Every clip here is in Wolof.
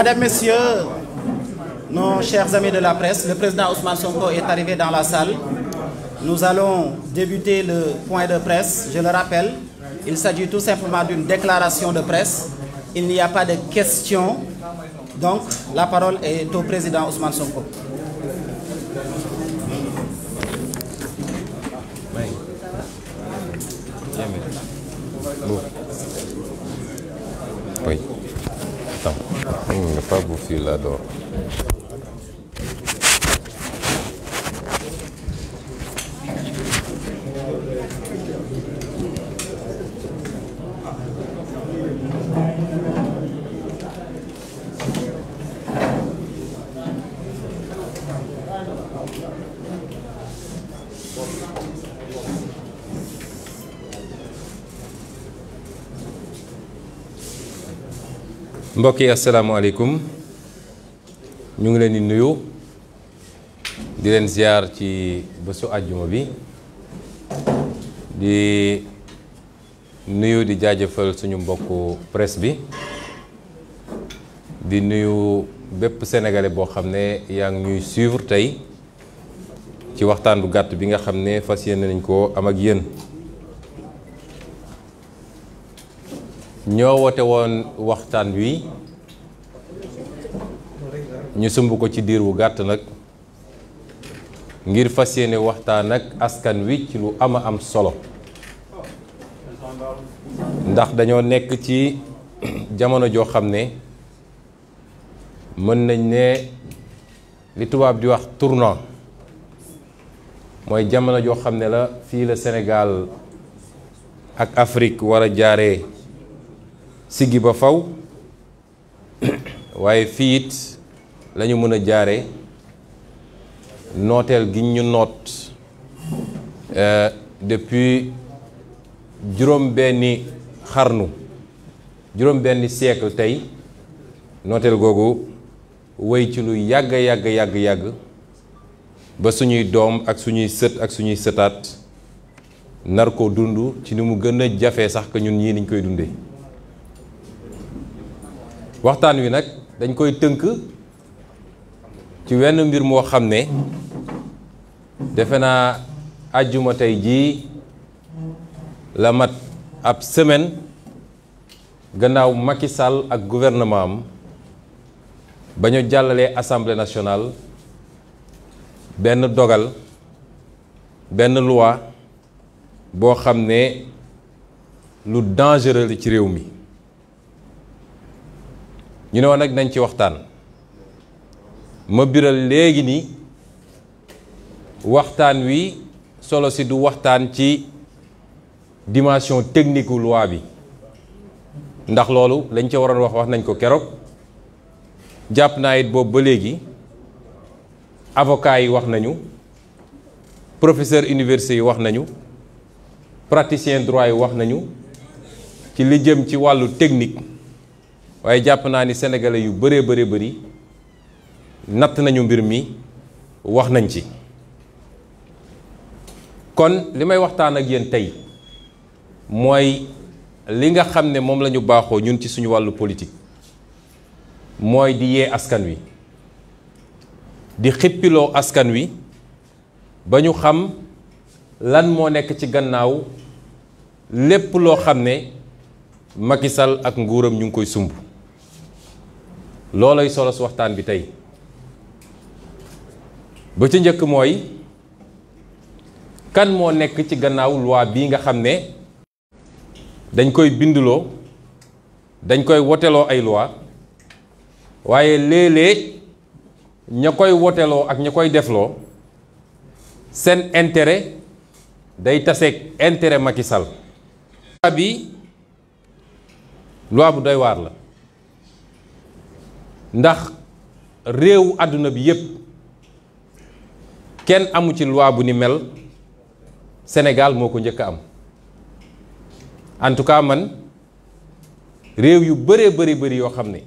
Mesdames, Messieurs, nos chers amis de la presse, le président Ousmane Sonko est arrivé dans la salle. Nous allons débuter le point de presse. Je le rappelle, il s'agit tout simplement d'une déclaration de presse. Il n'y a pas de questions. Donc, la parole est au président Ousmane Sonko. Bismillah Assalamualaikum ñu ngi leen di nuyu di leen ziar ci aljuma bi di nuyu di jaajëfal suñu mbokk presse bi di nuyu bépp sénégalais boo xam ne yaa ngi ñuy suivre tey ci waxtaan bu gàtt bi nga xam ne nañ ko am ak yéen ñoo wote woon waxtaan wi ñu sumb ko ci diir wu gatt nak ngir waxtaan ak askan wi ci lu ama am solo ndax dañoo nekk ci jamono jo xamne ne mën nañ ne li tubab di wax tournant moy jamono jo xamne la fi Senegal senegal ak Afrique wara jare sigi ba faw waye lañu ñu mën a jaare nooteel gi ñu noot euh, depuis juróom benni xarnu juróom benni siècle tey nooteel googu wéy ci lu yàgg yàgg yàgg yàgg ba suñuy doom ak suñuy sët ak suñuy sëtaat nar ko dund ci ni mu gën a jafee sax que ñun ñii dañ koy dundee waxtaan wi nag dañ koy tënk ci wenn mbir moo xam ne defe naa àjjuma tey jii la mat ab semaine gannaaw Macky Sall ak gouvernement am ba ñu jàllalee assemblée nationale benn dogal benn loi boo xam ne lu dangereux ci réew mi ñu ne woon nag nañ ci waxtaan. ma biral léegi ni waxtan wi solo ci du waxtan ci dimension technique loi bi ndax lolu lañ ci waroon wax wax nañ ko kérok japp na it bob ba léegi avocat yi wax nañu professeur université yi wax nañu praticien droit yi wax nañu ci li jëm ci walu technique waye japp na ni sénégalais yu béré béré béré natt nañu mbir mi wax nañ ci kon li may waxtaan ak yéen tey mooy li nga xam ne moom lañu baaxoo ñun ci suñu wàllu politique mooy di yee askan wi di xippiloo askan wi ba ñu xam lan moo nekk ci gannaaw lépp loo xam ne Macky Sall ak nguuram ñu ngi koy sumb loolay solos waxtaan bi tey ba ca njëkk mooy kan moo nekk ci gannaaw loi bii nga xam ne dañ koy binduloo dañ koy woteloo ay loi waaye léeg-léeg ña koy woteloo ak ña koy defloo seen intérêt day taseeg intérêt Macky Sall loi bi loi bu doy waar la ndax réewu àdduna bi yépp kenn amu ci loi bu ni mel Sénégal moo ko njëkk a am en tout cas man réew yu bëree bëri bëri yoo xam ne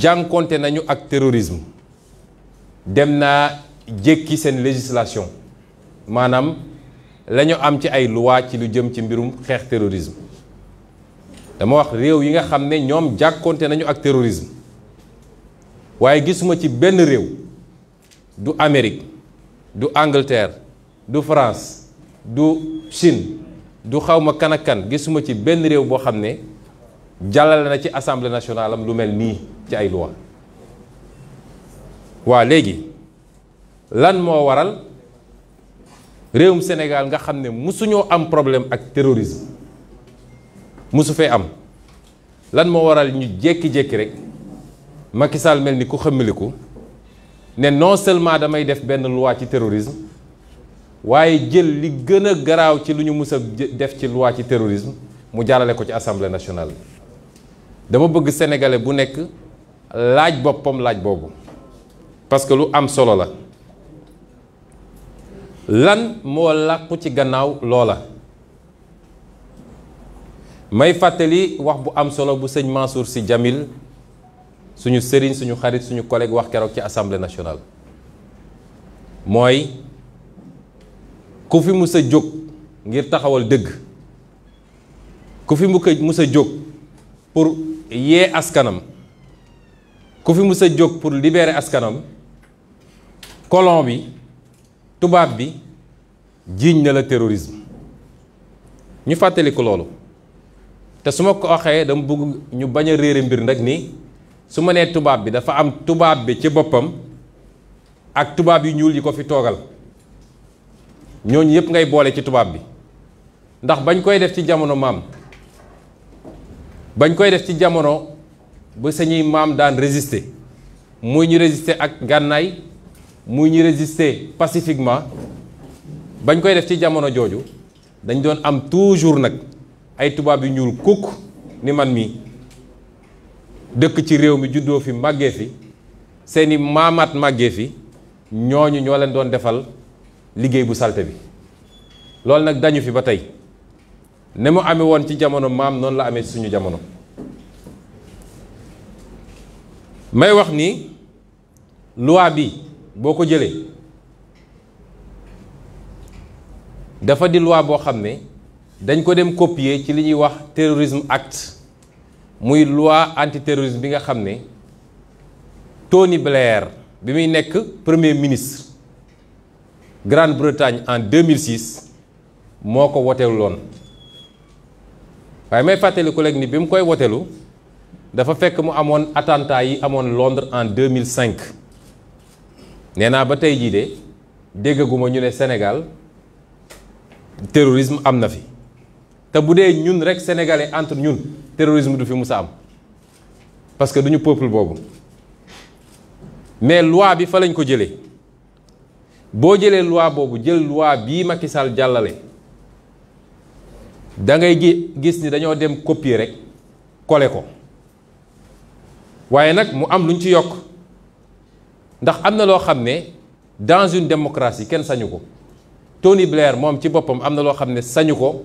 jànkonte nañu ak terrorisme dem naa jékki seen législation maanaam la am ci ay loi ci lu jëm ci mbirum xeex terrorisme dama wax réew yi nga xam ne ñoom jànkonte nañu ak terrorisme waaye gisuma ci benn réew du Amérique du Angleterre du France du Chine du xawma kanakan gisuma ci benn réew boo xam ne jàllale na ci assemblée nationale am lu mel nii ci ay loi waa léegi lan moo waral réewum Sénégal nga xam ne musuñoo am problème ak terrorisme musu fee am lan moo waral ñu jékki-jékki rek Macky Sall mel ni ku xëmmiliku ne non seulement damay def benn loi ci terrorisme waaye jël li gën a garaaw ci lu ñu mus a def ci loi ci terrorisme mu jàllale ko ci assemblée nationale dama bëgg sénégalais bu nekk laaj boppam laaj boobu parce que lu am solo la lan moo làqu ci gannaaw loola may fàttali wax bu am solo bu sëñ Mansour si Djamil suñu sëriñ suñu xarit suñu collègue wax keroog ci assemblée nationale mooy ku fi mus a jóg ngir taxawal dëgg ku fi mu ko mus a jóg pour yee askanam ku fi mus a jóg pour libérer askanam kolon bi tubaab bi jiiñ na la terrorisme ñu fàttaliku loolu te su ma ko waxee dama bëgg ñu bañ a réere mbir ndek ni su ma nee tubaab bi dafa am tubaab bi ci boppam ak tubaab yu ñuul yi ko fi toogal ñooñu yëpp ngay boole ci tubaab bi ndax bañ koy def ci jamono maam bañ koy def ci jamono ba sañuy maam daan résisté muy ñu résister ak gànnaay muy ñu résister pacifiquement bañ koy def ci jamono jooju dañ doon am toujours nag ay tubaab yu ñuul kukk ni man mii dëkk ci réew mi juddoo fi màggee fi seeni maamaat màggee fi ñooñu ñoo leen doon defal liggéey bu salte bi loolu nag dañu fi ba tey ne mu amee woon ci jamono maam noonu la amee suñu jamono may wax ni loi bi boo ko jëlee dafa di loi boo xam ne dañ ko dem copier ci li ñuy wax terrorisme act muy loi antiterroriste bi nga xamné Tony Blair bi muy nek premier ministre Grande-Bretagne en 2006 moko ko ne loon pas may fàttali collègue ni bi mu koy fait dafa fekk mu amone attentat yi à Londres en 2005 néna ba tay ji dé déggaguma ñu né Sénégal terrorisme amna fi te bu ñun rek sénégalais entre ñun terrorisme du fi musa am parce que duñu peuple bobo mais loi bi fa lañ ko jëlee boo loi boobu jël loi bii Macky Sall jàllale da ngay gi gis ni dañoo dem copier rek coller ko wayé nak mu am luñ ci yok ndax amna lo xamné dans une démocratie ken sañu ko Tony Blair mom ci bopam amna lo xamné sañu ko.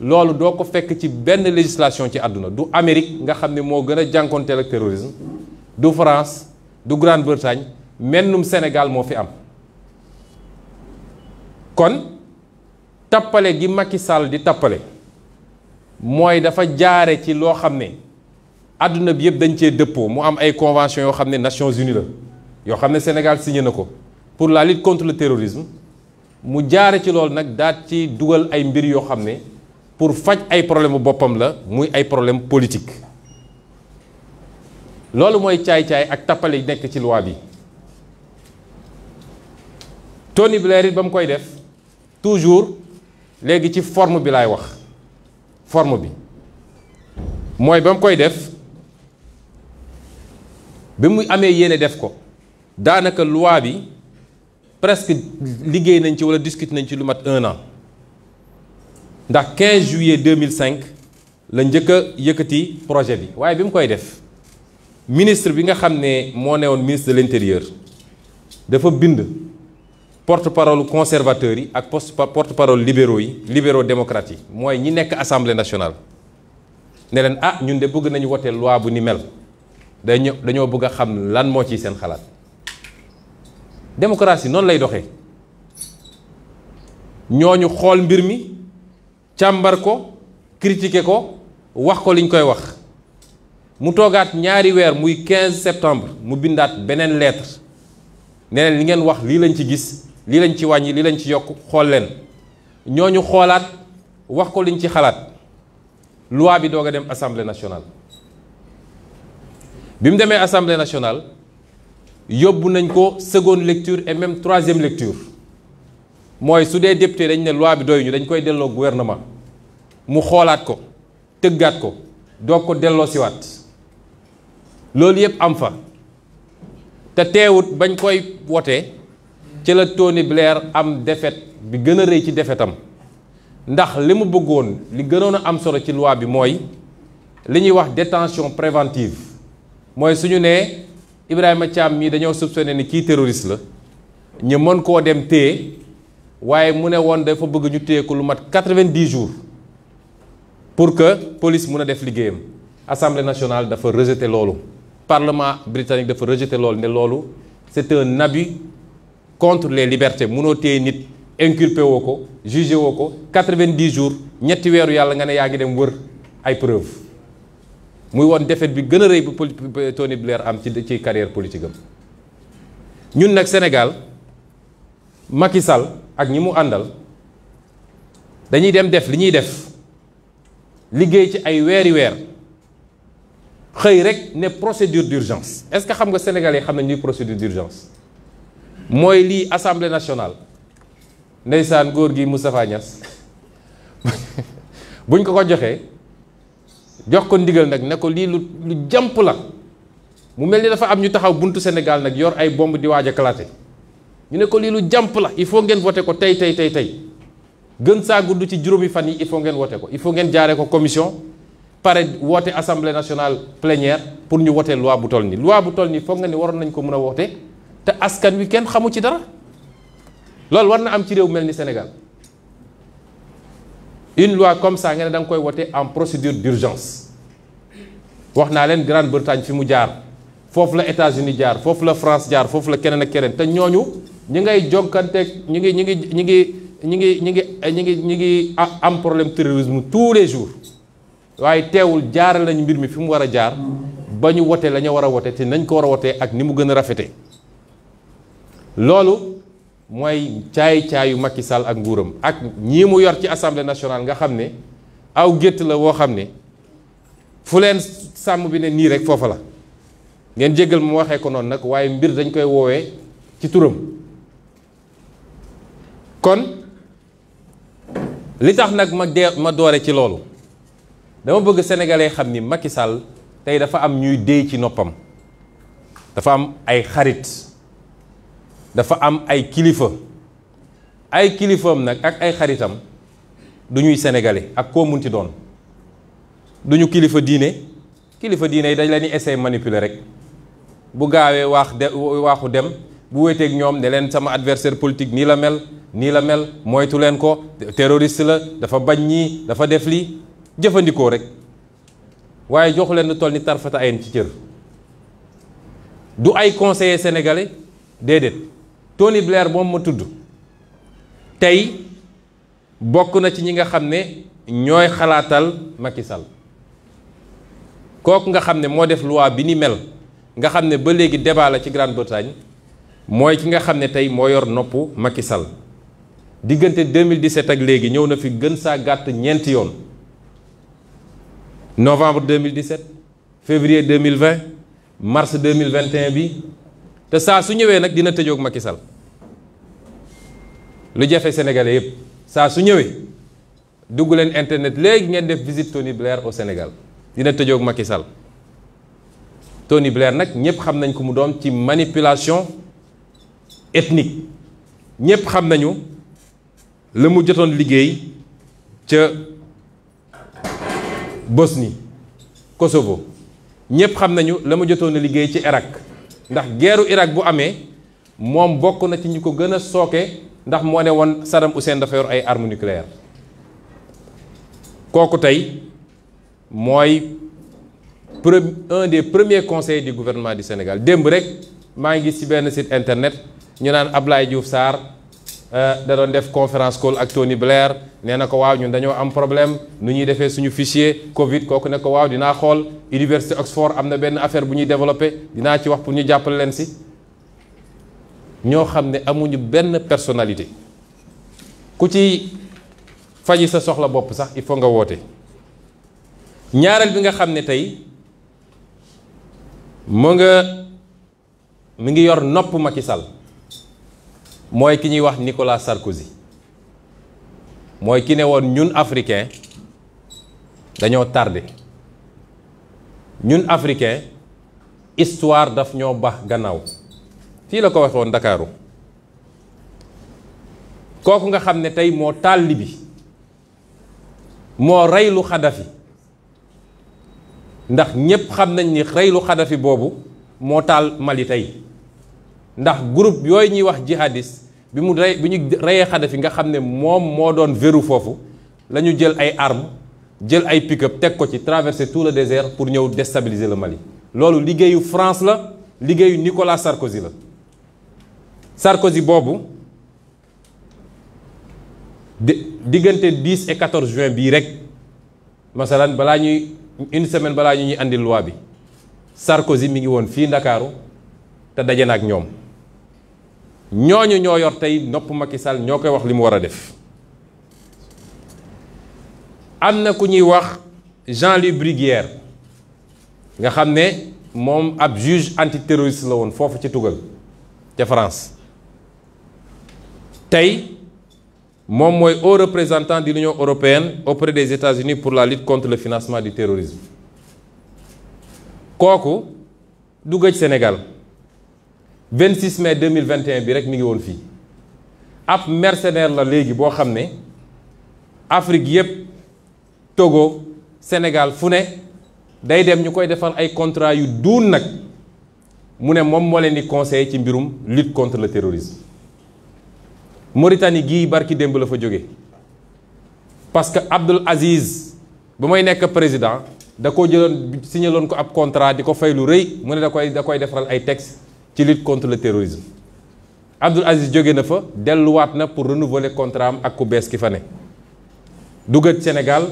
loolu doo ko fekk ci benn législation ci àdduna du Amérique nga xam ne moo gën a jànkonteel ak terrorisme du France du Grande-Bretagne mennum Sénégal moo fi am kon tappale gi Macky Sall di tappale mooy dafa jaare ci loo xam ne àdduna bi yëpp dañ cee dëppoo mu am ay convention yoo xam ne Nations Unies la yoo xam ne Sénégal si na ko pour la lutte contre le terrorisme mu jaare ci loolu nag daat ci dugal ay mbir yoo xam ne pour faj ay problème boppam la muy ay problème politique loolu mooy caay-caay ak tappale yi nekk ci loi bi Tony Blair it ba koy def toujours léegi ci forme bi laay wax forme bi mooy ba mu koy def bi mu amee yéene def ko daanaka loi bi presque liggéey nañ ci walla discuter nañ ci lu mat un an le 15 juillet 2005 le njëkk a projet bi Waye, bi mu koy def ministre bi nga xam ne moo ministre de l'intérieur dafa bind porte-parole conservateur ...et porte-parole libéraux libéraux démocrates yi mooy ñi nekk assemblée nationale ne leen ah ñun de bëgg nañu wote loi bu ni mel dañu dañoo bëgg xam lan moo ci seen xalaat démocratie non lay doxee ñooñu xool mbir mi càmbar ko critiquer ko wax ko liñ koy wax mu toogaat ñaari weer muy 15 septembre mu bindaat beneen leetre ne li ngeen wax lii lañ ci gis lii lañ ci wàññi lii lañ ci yokk xool leen ñoo ñu xoolaat wax ko liñ ci xalaat loi bi doog a dem assemblée nationale. bi mu demee assemblée nationale yóbbu nañ ko seconde lecture et même troisième lecture. mooy su dee député dañ ne loi bi doy ñu dañ koy delloo gouvernement mu xoolaat ko tëggaat ko doog ko delloo siwaat loolu yëpp am fa te teewut bañ koy wotee ci la Tony Blair am defet bi gën a rëy ci defetam ndax li mu bëggoon li gënoon a am solo ci loi bi mooy li ñuy wax détention préventive mooy suñu nee Ibrahima Thiam mii dañoo soupçonné ni kii terroriste la ñu mën koo dem téye waye mu ne woon dafa bëgg ñu téye ko lu mat 90 jours pour que police mëna def liggéeyam assemblée nationale dafa rejeté lolu parlement britannique dafa rejeté lolu né lolu c'est un abus contre les libertés mëno téye nit inculpé woko jugé woko 90 jours ñetti weeru yàlla nga ne yaa ngi dem wër ay preuves muy won défaite bi gëna a rëy bu Tony Blair am ci ci carrière politique ñun nak Sénégal Macky Sall ak ñi mu andal, dañuy dem def li ñuy def liggéey ci ay weeri weer xëy rek ne procédure d'urgence est-ce que xam nga sénégalais xam nañ ñuy procédure d'urgence mooy lii assemblée nationale ndeysaan góor gi Moustapha Niass buñ ko ko joxee jox ko ndigal nag ne ko lii lu lu jàmp la mu mel ni dafa am ñu taxaw buntu Sénégal nag yor ay bombe di waaj éclater ñu ne ko lii lu jàmp la il faut ngeen voté ko tey tey tey tey gën saa gudd ci juróomi fan yi il faut ngeen voté ko il faut ngeen jaaree ko commission pare woote assemblée nationale plénière pour ñu wote loi bu toll nii loi bu toll nii foog nga ni waroon nañ ko mën a woote te askan wi kenn xamu ci dara loolu war na am ci réew mel ni Sénégal une loi comme ça nga ne da nga koy wote en procédure d'urgence wax naa leen Grande-Bretagne fi mu jaar foofu la États-Unis jaar foofu la France jaar foofu la keneen ak keneen te ñooñu ñu ngay jokkanteeg ñi ngi ñi ngi ñi ngi ñi ngi ñi ngi ñi ngi ñi ngi am problème terrorisme tous les jours waaye teewul jaaral nañ mbir mi fi mu war a jaar ba ñu wote lañu war a wote te nañ ko war a wotee ak ni mu gën a rafete loolu mooy caay mag Macky Sall ak nguuram ak ñii mu yor ci assemblée nationale nga xam ne aw gétt la woo xam ne fu leen sàmm bi ne nii rek foofa la ngeen jéggal mu waxee ko noonu nag waaye mbir dañ koy woowee ci turam kon li tax nag ma dee ma doore ci loolu dama bëgg sénégalais xam ni Macky Sall tey dafa am ñuy déy ci noppam dafa am ay xarit dafa am ay kilifa ay kilifaam nag ak ay xaritam du ñuy sénégalais ak koo munti doon du ñu kilifa diine kilifa diine yi dañ leen di essayer manipuler rek bu gaawee waax de waaxu dem bu wéeteeg ñoom ne leen sama adversaire politique nii la mel nii la mel moytu leen ko terroriste la dafa bañ ñii dafa def lii jëfandikoo rek waaye joxu leen lu toll ni tarfata ayen ci cër du ay conseiller sénégalais déedéet Tony Blair moom ma tudd tey bokk na ci ñi nga xam ne ñooy xalaatal makisal Sall kooku nga xam ne moo def loi bi ni mel nga xam ne ba léegi débat la ci Grande-Bretagne mooy ki nga xam ne tey moo yor noppu makisal diggante 2017 ak légui ñëw na fi gën sa gatt ñent yoon novembre 2017 février 2020 mars 2021 bi té sa su ñëwé nak dina tëjoog Macky Sall lu jafé sénégalais yépp sa su ñëwé l'internet. leen internet légui ngeen def visite Tony Blair au Sénégal dina tëjoog Macky Sall Tony Blair nak ñëpp xam nañ ko mu doom ci manipulation ethnique ñëpp xam nañu. Le mu jotoon liggéey ca Bosnie Kosovo ñepp xam nañu Le mu jotoon liggéey ci Irak ndax geeru Irak bu amé mom bokk na ci ñuko gëna gën ndax mo né won Saddam Hussein dafa yor ay armes nucléaires koku tay moy un des premiers conseillers du gouvernement du Sénégal demb rek ma ngi ci benn site internet ñu naan Ablaye Diouf sar Eh, da doon def conférence call ak Tony Blair nee na ko waaw ñun dañoo am problème nu ñuy defee suñu fichier Covid kooku ne ko waaw dinaa xool université Oxford am ben benn affaire bu ñuy développé dinaa ci wax pour ñu jàppale leen si ñoo xam ne amuñu benn personnalité ku ci faji sa soxla bopp sax il faut nga woote ñaareel bi nga xam ne tey nga mu ngi yor nopp Macky Sall mooy ki ñuy wax Nicolas Sarkozy mooy ki ne woon ñun africain dañoo tàrde ñun africain histoire daf ñoo baax gannaaw fii la ko waxee Ndakaaru kooku nga xam ne tey moo taal Libi moo reylu Xadafi ndax ñépp xam nañ ni reylu Xadafi boobu moo taal Mali tey ndax groupe yooyu ñuy wax jihadiste bi mu rey bi ñu reyee Kadhafi nga xamné mom mo doon verrou fofu lañu jël ay armes jël ay pick-up tek ko ci traverser tout le désert pour ñëw déstabiliser le Mali loolu ligéyu France la ligéyu Nicolas Sarkozy la Sarkozy bobu diggante 10 et 14 juin bi rek masalan bala ñuy une semaine bala ñuy andi loi bi Sarkozy mi ngi won fi Dakarou té dajé nak ñom ñoñu ñoo yor tay nopp Macky Sall ñoo koy wax limu wara def amna ku ñuy wax Jean-Louis Briguer, nga xamné mom ab juge antiterroriste la woon ci tugal ci France tay mom O haut représentant de l'Union européenne auprès des États-Unis pour la lutte contre le financement du terrorisme kooku du gëj Sénégal 26 mai 2021 bi rek mi ngi won fi ap mercenaire la léegi bo xamné Afrique yépp Togo Sénégal fu day dem ñukoy koy ay contrat yu duun nak mu ne moom moo leen conseiller ci mbirum lutte contre le terrorisme Mauritanie gi barki demb la fa joggé parce que abdul Aziz bu may nek président da ko jëloon signaloon ko ap contrat diko faylu reuy lu mu ne da koy da koy defaral ay texte ci lutte contre le terrorisme Abdul Aziz jóge na fa delluwaat na pour renouveler contrat am ak ku bees ki fa ne dugat Sénégal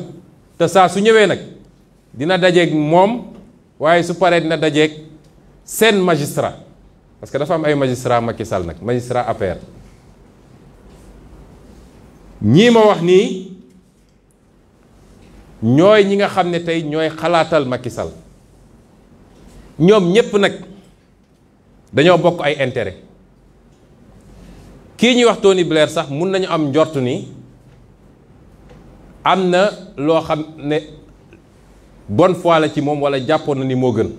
te sa su ñëwé nak dina dajeeg mom waaye su paree dina dajeeg sen magistrat parce que dafa am ay magistrat Macky Sall nak magistrat APR ñii ma wax ni ñoy ñi nga xamné tay ñoy ñooy Macky Sall ñom ñépp nak dañoo bokk ay intérêt kii ñuy wax Tony Blair sax mun nañu am njort ni am na loo xam ne bonne foi la ci moom wala jàppoon na ni moo gën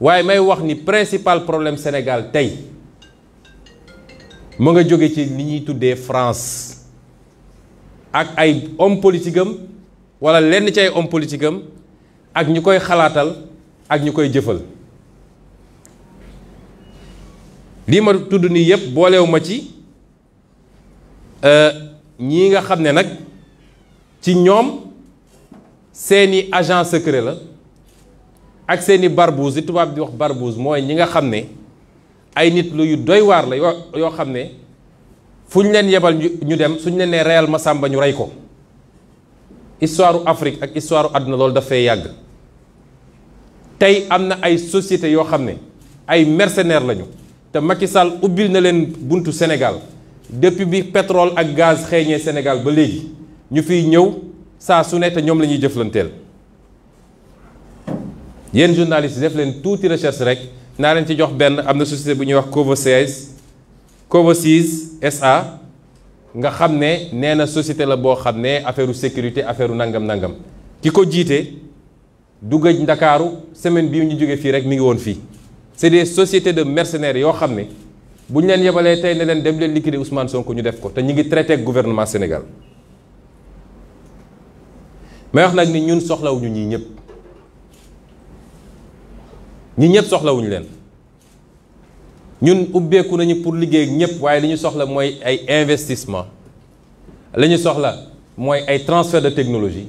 waaye may wax ni principal problème Sénégal tey mu nga jóge ci ni ñuy tuddee France ak ay homme politique am wala lenn ci ay homme politique am ak ñu koy xalaatal ak ñu koy jëfal lii ma tudd nii yëpp boolewu ma ci euh, ñii nga xam ne nag ci ñoom seeni agent secret la ak seeni barbouze li tubaab di wax barbouze mooy ñi nga xam ne ay nit lu yu doy waar la yoo xam ne fu ñu leen yebal ñu dem suñu leen nee reyal ma sàmba ñu rey ko histoire Afrique ak histoire àddina loolu dafay yàgg tey am na ay société yoo xam ne ay mercenaires lañu te Macky Sall ubbil na leen buntu Sénégal depuis bi pétrole ak gaz xeeñee Sénégal ba léegi ñu fiy ñëw saa su ne te ñoom la ñuy jëflanteel yéen journalistes def leen tuuti recherche rek naa leen ci jox benn am na société bu ñuy wax Covoses Covoses SA nga xam ne nee na société la boo xam ne affaire sécurité affaire nangam nangam ki ko jiite dugg Ndakaaru semaine bii ñu jógee fii rek mi ngi woon fii. c'est des sociétés de mercenaires yo xamné buñ liquider Ousmane Sonko ñu def ko traité gouvernement Sénégal Mais wax sommes ni ñun ñi ñëpp ñi ñëpp leen ñun pour soxla ay investissement soxla transfert de technologie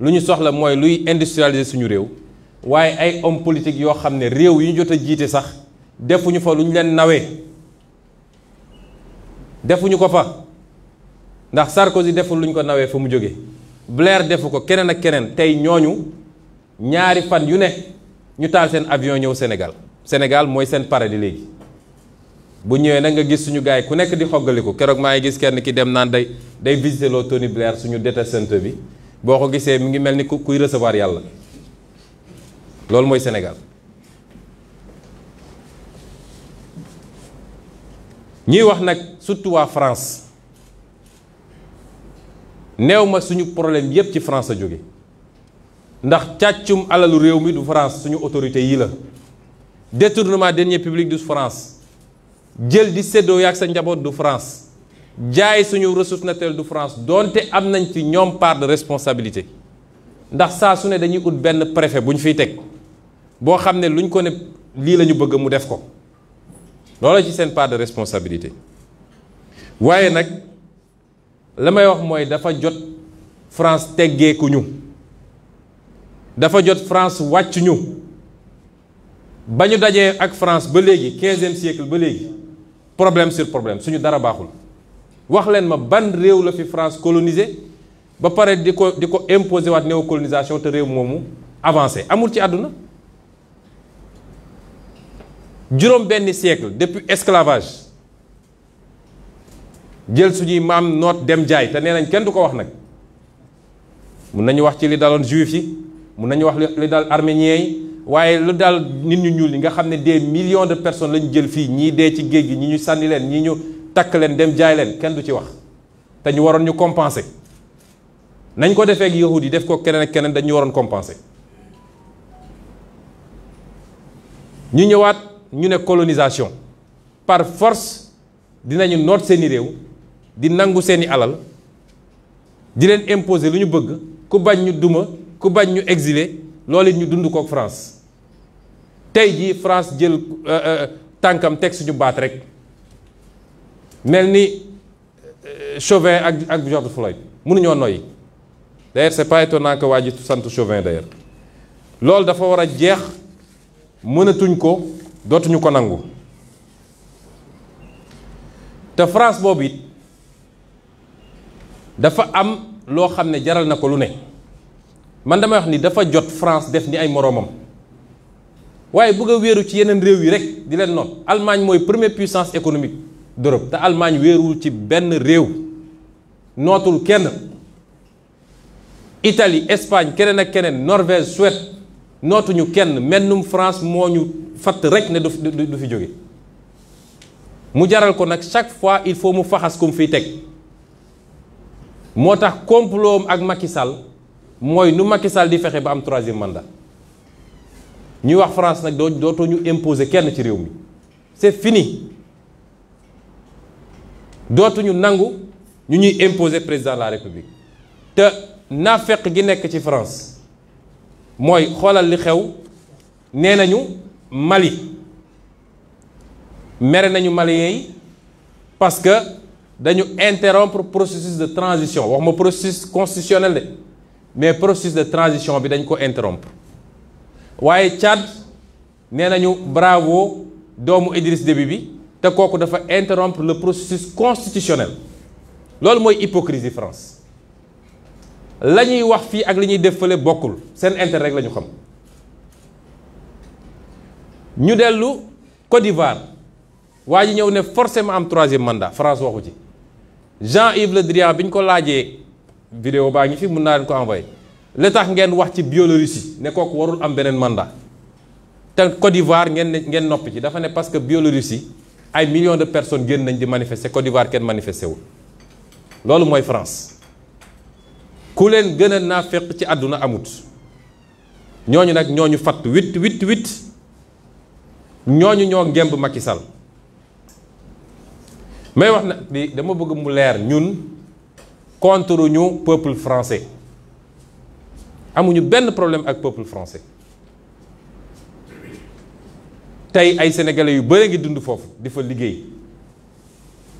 Nous soxla pour luy industrialiser suñu waaye ay homme politique yoo xam ne réew yu ñu jot a jiite sax defuñu fa lu ñu leen nawee defuñu ko fa ndax Sarkozy deful lu ñu ko nawee fa mu jóge Blair defu ko keneen ak keneen tey ñooñu ñaari fan yu ne ñu taal seen avion ñëw senegal Sénégal mooy seen paradis léegi bu ñëwee nag nga gis suñu gaay yi ku nekk di xoggaliku keroog maa ngi gis kenn ki dem naan day day visité loo Tony Blair suñu détestante bi boo ko gisee mu ngi mel ni ku kuy recevoir yàlla C'est le Sénégal Nous wax surtout la France Nous avons suñu problème de France a jóge ndax de alalu France du France suñu autorité yi la détournement dernier publics du France jël di France. Nous sa de du France jaay suñu ressource naturelle du France Nous am nañ ci de responsabilité ndax sa nous dañuy ut préfet bo xamné luñ ko né li lañu bëgg mu def ko loola ci seen part de responsabilité waaye nag la may wax mooy dafa jot France teggeekuñu dafa jot France wàcc ñu ba ñu dajee ak France ba léegi quinzième siècle ba léegi problème sur problème suñu dara baaxul wax leen ma ban réew la fi France colonisé ba pare di ko di ko imposer waat néocolonisation te réew moomu avancé amul ci àdduna juróom benn siècle depuis esclavage jël suñu mam note dem jaay té nénañ nañ kenn du ko wax nak mën nañu wax ci li dalon juif yi mën nañu wax li dal arméniens yi waaye lu dal nit ñu ñuul yi nga xamné des millions de personnes lañu jël fi ñi dé ci géej gi ñi ñu sanni leen ñi ñu takk leen dem jaay leen kenn du ci wax té ñu waroon ñu compenser nañ ko défé ak yahoudi yi def ko keneen ak keneen dañu waroon compenser ñu ñëwaat ñu colonisation par force de note seeni réew di alal di leen imposer nous bëgg ku avons duma ku France tey la France jël euh, euh, tànkam teg suñu baat rek de ni euh, Chauvin ak Floyd d'ailleurs c'est pas étonnant que nous avons Chauvin d'ailleurs de dafa a dootuñu ko nangu te France boobu it dafa am loo xam ne jaral na ko lu ne man damay wax ni dafa jot France def ni ay moroomam waaye bëgg a wéeru ci yeneen réew yi rek di leen noon Allemagne mooy première puissance économique d'Europe te Allemagne wéeruwul ci benn réew nootul kenn itali Espagne keneen ak keneen Norvège Suède nootuñu kenn mennum France moo ñu fatt rek ne du du fi jóge mu jaral ko chaque fois il faut mu faire ko mu fiy teg complot tax ak Macky Sall mooy nous Macky Sall di fexe ba am troisième mandat Nous wax France nag doo dootoo ñu imposer kenn ci réew mi c'est fini dootuñu nangu ñu nous imposer président de la république te naafeq gi nekk ci France moy xoolal li xew Mali nañu parce que dañu interrompre processus de transition wax processus constitutionnel mais mais processus de transition bi dañ ko interrompre nous Tchad bravo doomu Idriss de bi te dafa interrompre le processus constitutionnel lol hypocrisie France la ñuy wax fii ak li ñuy def fële c'est seen intérêt rek la xam ñu Côte d'Ivoire waa ji ñëw ne forcément am troisième mandat France waxu ci Jean-Yves Le Drian bi ñu ko la vidéo baa ngi fi mun naa leen ko envoyé li ngeen wax ci Biélorussie ne kooku warul am mandat te Côte d'Ivoire ngeen ngeen noppi ci dafa ne parce que Biélorussie ay millions de personnes qui nañ di manifester Côte d'Ivoire kenn manifesté C'est ça mooy France ku leen gën a naafeq ci àdduna amut ñooñu nag ñooñu fatt wit wit wit ñooñu ñoo ngemb Macky Sall may wax na di dama bëgg mu leer ñun contre ñu peuple français amuñu benn problème ak peuple français tey ay sénégalais yu bëri ngi dund foofu di fa liggéey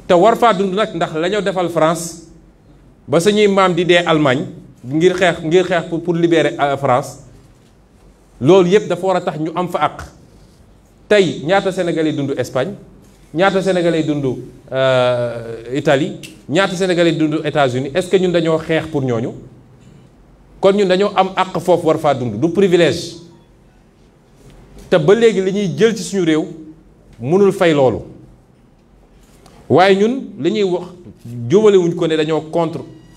te war faa dund nag ndax la defal France ba suñuy maam di dee Allemagne ngir xeex ngir xeex pour libérer euh, France loolu yëpp dafa war a tax ñu am fa àq tey ñaata sénégalais dund Espagne ñaata sénégalais dund euh, Italie ñaata sénégalais dund États-Unis est-ce que ñun dañoo xeex pour ñooñu kon ñun dañoo am àq foofu war faa dund du privilège te ba léegi li ñuy jël ci suñu réew mënul fay loolu waaye ñun li ñuy wax jóbalewuñ ko ne dañoo contre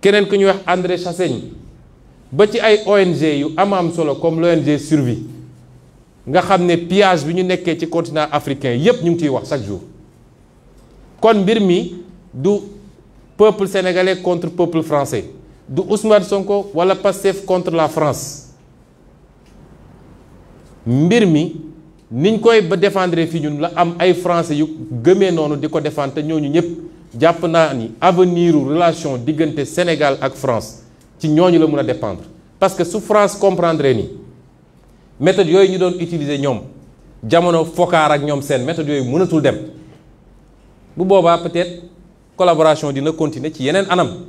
kenen ku ñuy wax André Chassaigne ba ci ay ONG yu am am solo comme l'ONG Survie nga xamné ne pillage bi ñu nekké ci continent africain yépp ñu ngi ciy wax chaque jour kon mbir mi du peuple sénégalais contre peuple français du Ousmane Sonko wala passef contre la France mbir mi niñ koy ba défendre fi ñun la am ay français yu gëmé nonu diko défendre té ñoo ñëpp jàpp ni avenir relation diggante Sénégal ak France ci ñooñu la mën dépendre parce que sous France comprendre ni méthode yoy ñu doon utiliser ñoom jamono fokaar ak ñoom seen méthode yooyu tout dem bu boba peut-être collaboration dina continuer ci yenen anam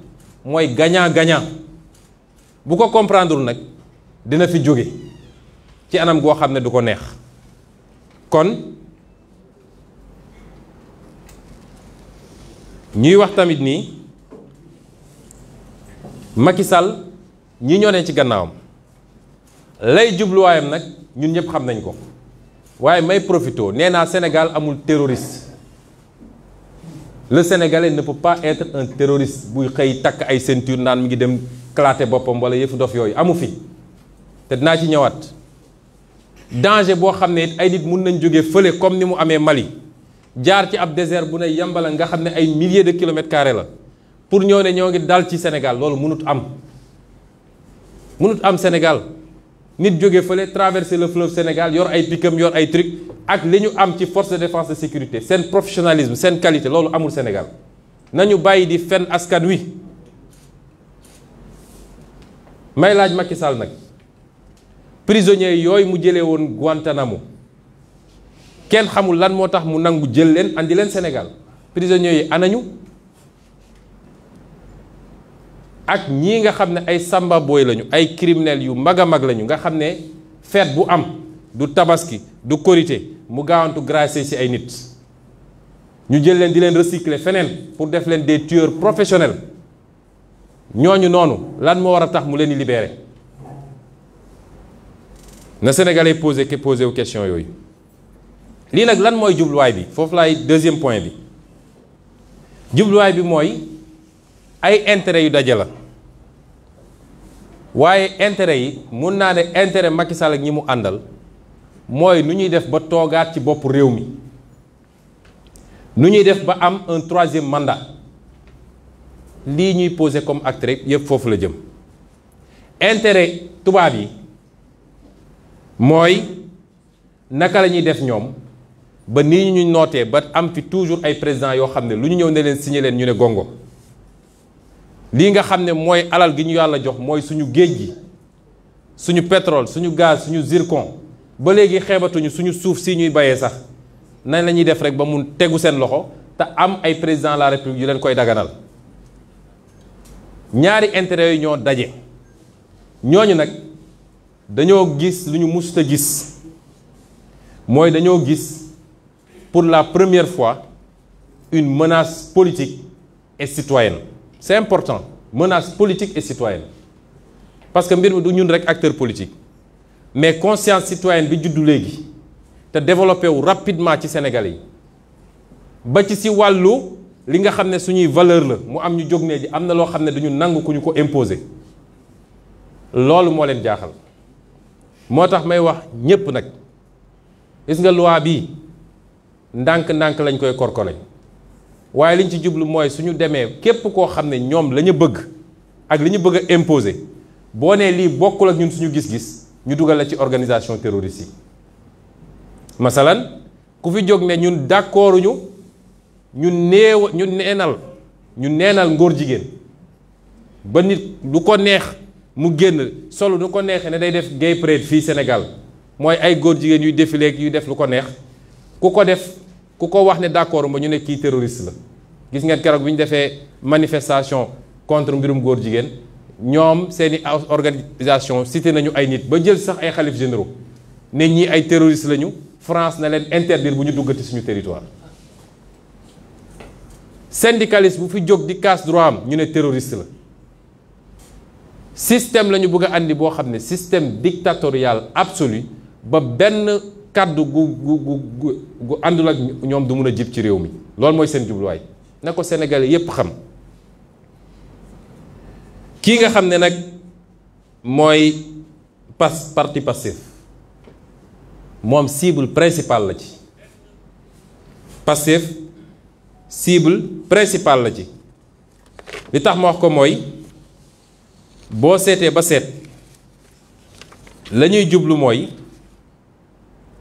moi gagnant gagnant bu comprendre nag dina fi jóge ci anam goo xam duko neex kon ñuy wax tamit nii Macky Sall ñi ñoo ci gannaawam lay jubluwaayam nag ñun ñëpp xam nañ ko waaye may profito nee naa Sénégal amul terroriste le Sénégalais ne peut pas être un terroriste buy xëy takk ay ceinture naan mi ngi dem kalaate boppam wala yëfu dof yooyu amu fi te dinaa ci ñëwaat danger boo xam ne it ay nit mun nañ jóge fële comme ni mu amee Mali jaar ci ab désert bu ne yambala nga milliers de kilomètres carrés la pour ñone ñogi dal ci Sénégal loolu mënut am mënut am Sénégal nit traverser le fleuve Sénégal yor ay pikam yor ay truc ak liñu am force de défense et sécurité sen professionnalisme sen qualité loolu amul Sénégal nañu Sénégal. di sommes askan wi may Guantanamo kenn xamul lan moo tax mu nangu jël leen andi leen Sénégal prisonniers yi anañu ak ñii nga xam ne ay samba booy lañu ay criminels yu mag a mag lañu nga xam ne feet bu am du tabaski du korité mu gaawantu gracier ci ay nit ñu jël leen di leen recycler feneen pour def leen des tueurs professionnels ñooñu noonu lan moo war a tax mu leen di libérer na Sénégalais pose posé wu question yooyu. lii nag lan mooy jubluwaay bi foofu laay deuxième point bi jubluwaay bi mooy ay intere yu daje la waaye intérêt yi mun naa ne intérêt Macky Sall ak ñi mu àndal mooy nu ñuy def ba toogaat ci bopp réew mi nu ñuy def ba am un troisième mandat lii ñuy posé comme acte rek yëpp foofu la jëm intérêt tubaab yi mooy naka la ñuy def ñoom ba ni ñu noté ba am fi toujours ay président yo xamné lu ñu ñëw ne leen signé leen ñu né gongo li nga xamné moy alal gi ñu yalla jox moy suñu géej suñu pétrole suñu gaz suñu zircon ba légui léegi xeebatuñu suñu souf si ñuy bayé sax nañ lañuy def rek ba mu téggu sen loxo ta am ay président la république yu leen koy daganal ñaari intérêt yi ñoo daje ñooñu nag dañoo gis lu ñu musta gis moy dañoo gis pour la première fois une menace politique et citoyenne c'est important menace politique et citoyenne parce que nous sommes du ñun rek acteur politique mais conscience citoyenne bi juddu léegi de développé rapidement ci Sénégalais ba ci si wàllu li nga valeurs, nous suñuy valeur la mu am ñu jóg ne ji am nous loo xam ne dañu que imposer loolu moo leen jaaxal moo may wax ñépp loi ndànk-ndànk lañ koy korkole waaye liñ ci jublu mooy suñu demee képp koo xam ne ñoom lañu bëgg ak li ñu bëgg a boo nee lii bokkul ak ñun suñu gis-gis ñu dugal la ci organisation terroriste yi masalan ku fi jóg ne ñun d'accorduñu ñu neew ñu neenal ñu neenal ngóor jigéen ba nit lu ko neex mu génn solo lu ko neexee ne day def gay parade fii Sénégal mooy ay góor jigéen yuy défilé ak yuy def lu ko neex ku def kuko ko wax ne d'accord ma ñu ne kii terroriste la gis ngeen keroog bi ñu defee manifestation contre mbirum góor jigéen ñoom seeni organisation cité nañu ay nit ba jël sax ay xalif généraux ne ñii ay terroriste lañu France na leen interdire bu ñu duggati suñu territoire syndicaliste bu fi jóg di casse droit am ñu ne terroriste la système la ñu bëgg a andi boo xam système dictatorial absolu ba benn kàddu gu gu gu gu àndul ak ñoom du mën a jib ci réew mi loolu mooy seen jubluwaay na ko Sénégalais yépp xam kii nga xam ne nag mooy pas parti Pastef moom cible principale la ci Pastef cible principale la ci li tax ma wax ko mooy boo seetee ba seet la ñuy jublu mooy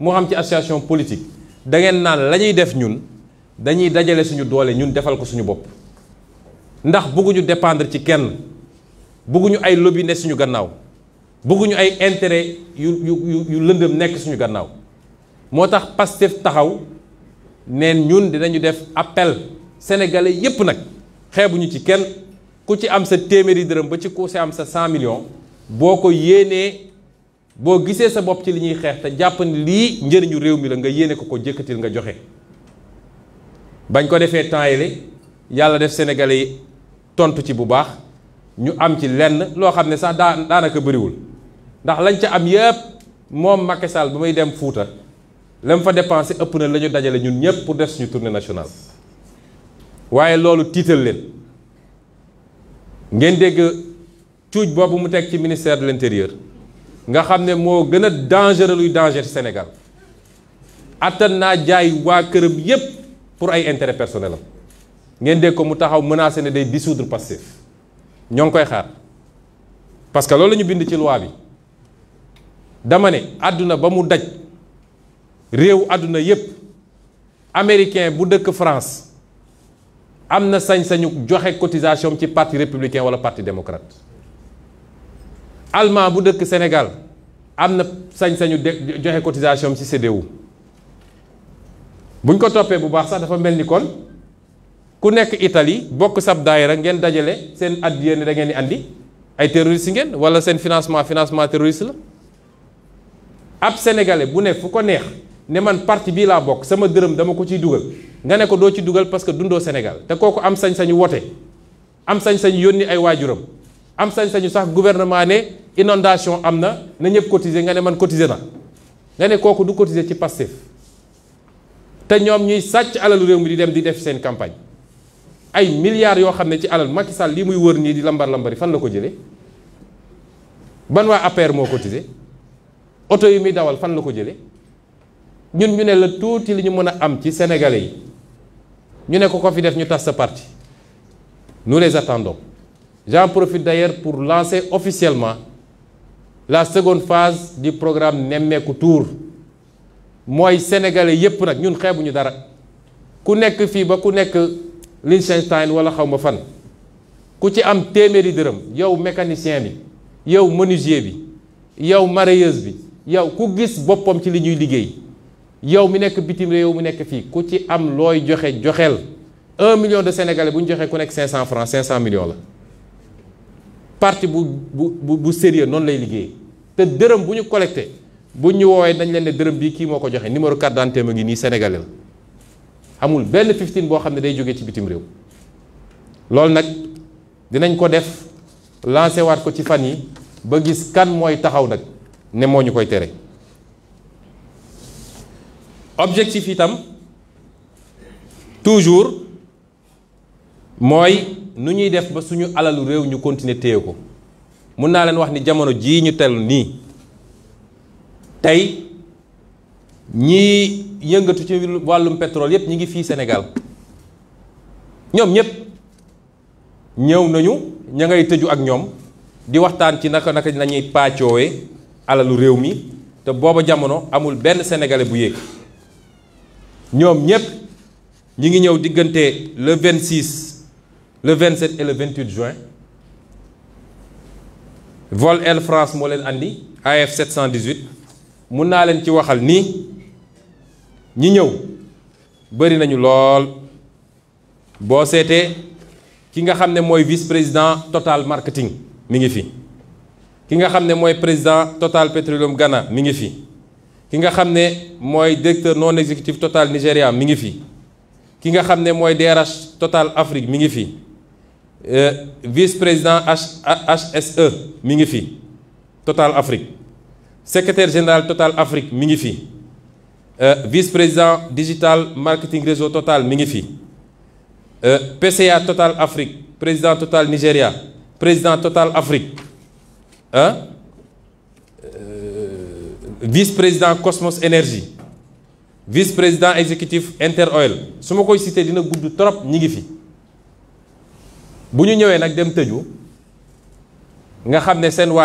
mu xam ci association politique da ngeen naan lañuy def ñun dañuy dajale suñu doole ñun defal ko suñu bopp ndax bëgguñu dépendre ci kenn bëgguñu ay lobby ne suñu gannaaw bëgguñu ay intérêt yu yu yu lëndëm nekk suñu gannaaw moo tax Pastef taxaw neen ñun dinañu def appel sénégalais yépp nag xeebuñu ci kenn ku ci am sa téeméeri dërëm ba ci ku ci am sa 100 million boo ko yéenee boo gisee sa bopp ci li ñuy xeex te jàpp lii njëriñu réew mi la nga yéene ko ko jëkkatil nga joxe bañ ko defee temps yii yàlla def sénégalais yi tontu ci bu baax ñu am ci lenn loo xam ne sax daa daanaka bëriwul ndax lañ ca am yëpp moom Macky Sall bu muy dem Fuuta la mu fa dépensé ëpp na lañu dajale ñun ñëpp pour def suñu tournée nationale waaye loolu tiital leen ngeen dégg cuuj boobu mu teg ci ministère de l'intérieur nga ne gëna gën dangereux luy danger Sénégal attan jaay wa kërëm yépp pour ay intérêt personnel am ngeen dégg ko mu taxaw menacer né day dissoudre Pastef ñong koy xaar parce que loolu lañu bind ci loi bi dama né aduna ba mu daj réew aduna yépp américain bu dëkk France amna sañ-sañu joxe cotisation ci parti républicain wala parti démocrate allemand bu dëkk Sénégal amna sañ-sañu joxe cotisation ci CDU buñ ko topé bu baax sax dafa melni kon ku nekk Italie bokk sab daaira ngeen dajalé seen addiya ne da ngeen di andi ay terroriste ngeen wala seen financement financement terroriste la ab sénégalais bu ne fu ko neex ne man parti bi la bokk sama deureum dama ko ci dugal nga ne ko do ci dugal parce que dundo Sénégal te koku am sañ-sañu wote am sañ sañ yoni ay wajuram am sañ-sañu sax gouvernement ne inondation am na na ñëpp cotiser nga ne man cotiser na nga ne kooku du cotiser ci Pastef te ñoom ñuy sàcc alalu réew mi di dem di def seen campagne ay milliards yoo xam ne ci alal Macky Sall li muy wër nii di lambar lambari fan la ko jëlee ban waa APR moo cotiser oto yi muy dawal fan la ko ñun ñu ne la tuuti li ñu mën a am ci sénégalais ñu ko ko fi def ñu sa parti nous les attendons. J'en profite d'ailleurs pour lancer officiellement la seconde phase du programme Koutour. moi, les sénégalais yépp ñun dara ku nekk ba ku nekk Liechtenstein wala fan ku ci am yow mécanicien bi yow menuisier bi yow marieuse, bi yow ku gis ci li ñuy yow mi nekk bitim mu nekk ku ci am choses un million de sénégalais 500 ñu francs 500 millions parti bu bu bu sérieux noonu lay liggéey te dërëm bu ñu collecté bu ñu woowee dañ leen ne dërëm bii kii moo ko joxe numéro carte d'identité ma ngi nii sénégalais la amul benn fifteen boo xam ne day jógee ci bitim réew loolu nag dinañ ko def lancé waat ko ci fan yi ba gis kan mooy taxaw nag ne moo ñu koy tere objectif itam toujours mooy nu ñuy def ba suñu alalu réew ñu continuer téye ko mun naa leen wax ni jamono jii ñu tel nii tey ñii yëngatu ci wàllum pétrole yépp ñi ngi fii senegal ñoom ñépp ñëw nañu ña ngay tëju ak ñoom di waxtaan ci naka naka nañuy pàccoowee alalu réew mi te booba jamono amul benn sénégalais bu yéeg ñoom ñépp ñi ngi ñëw diggante le 26. le 27 et le 28 juin vol Air France Molen leen andi AF 718 mun naa leen ci waxal ni ñi ñëw bëri nañu lool vice président Total marketing mi ngi fi. ki nga xam président Total Petroleum Ghana mi ngi fi ki nga xam directeur non exécutif Total Nigeria, mi ngi fi ki nga xam DRH Total Afrique mi ngi euh, vice président HSE MIGI Total Afrique secrétaire général Total Afrique Minifi euh, vice président digital marketing réseau Total Minifi euh, PCA Total Afrique président Total Nigeria président Total Afrique hein? vice président Cosmos Energy vice président exécutif Interoil Oil Ce vous koy cité dina trop si nous ñëwee nag dem tëju nga xam ne seen lu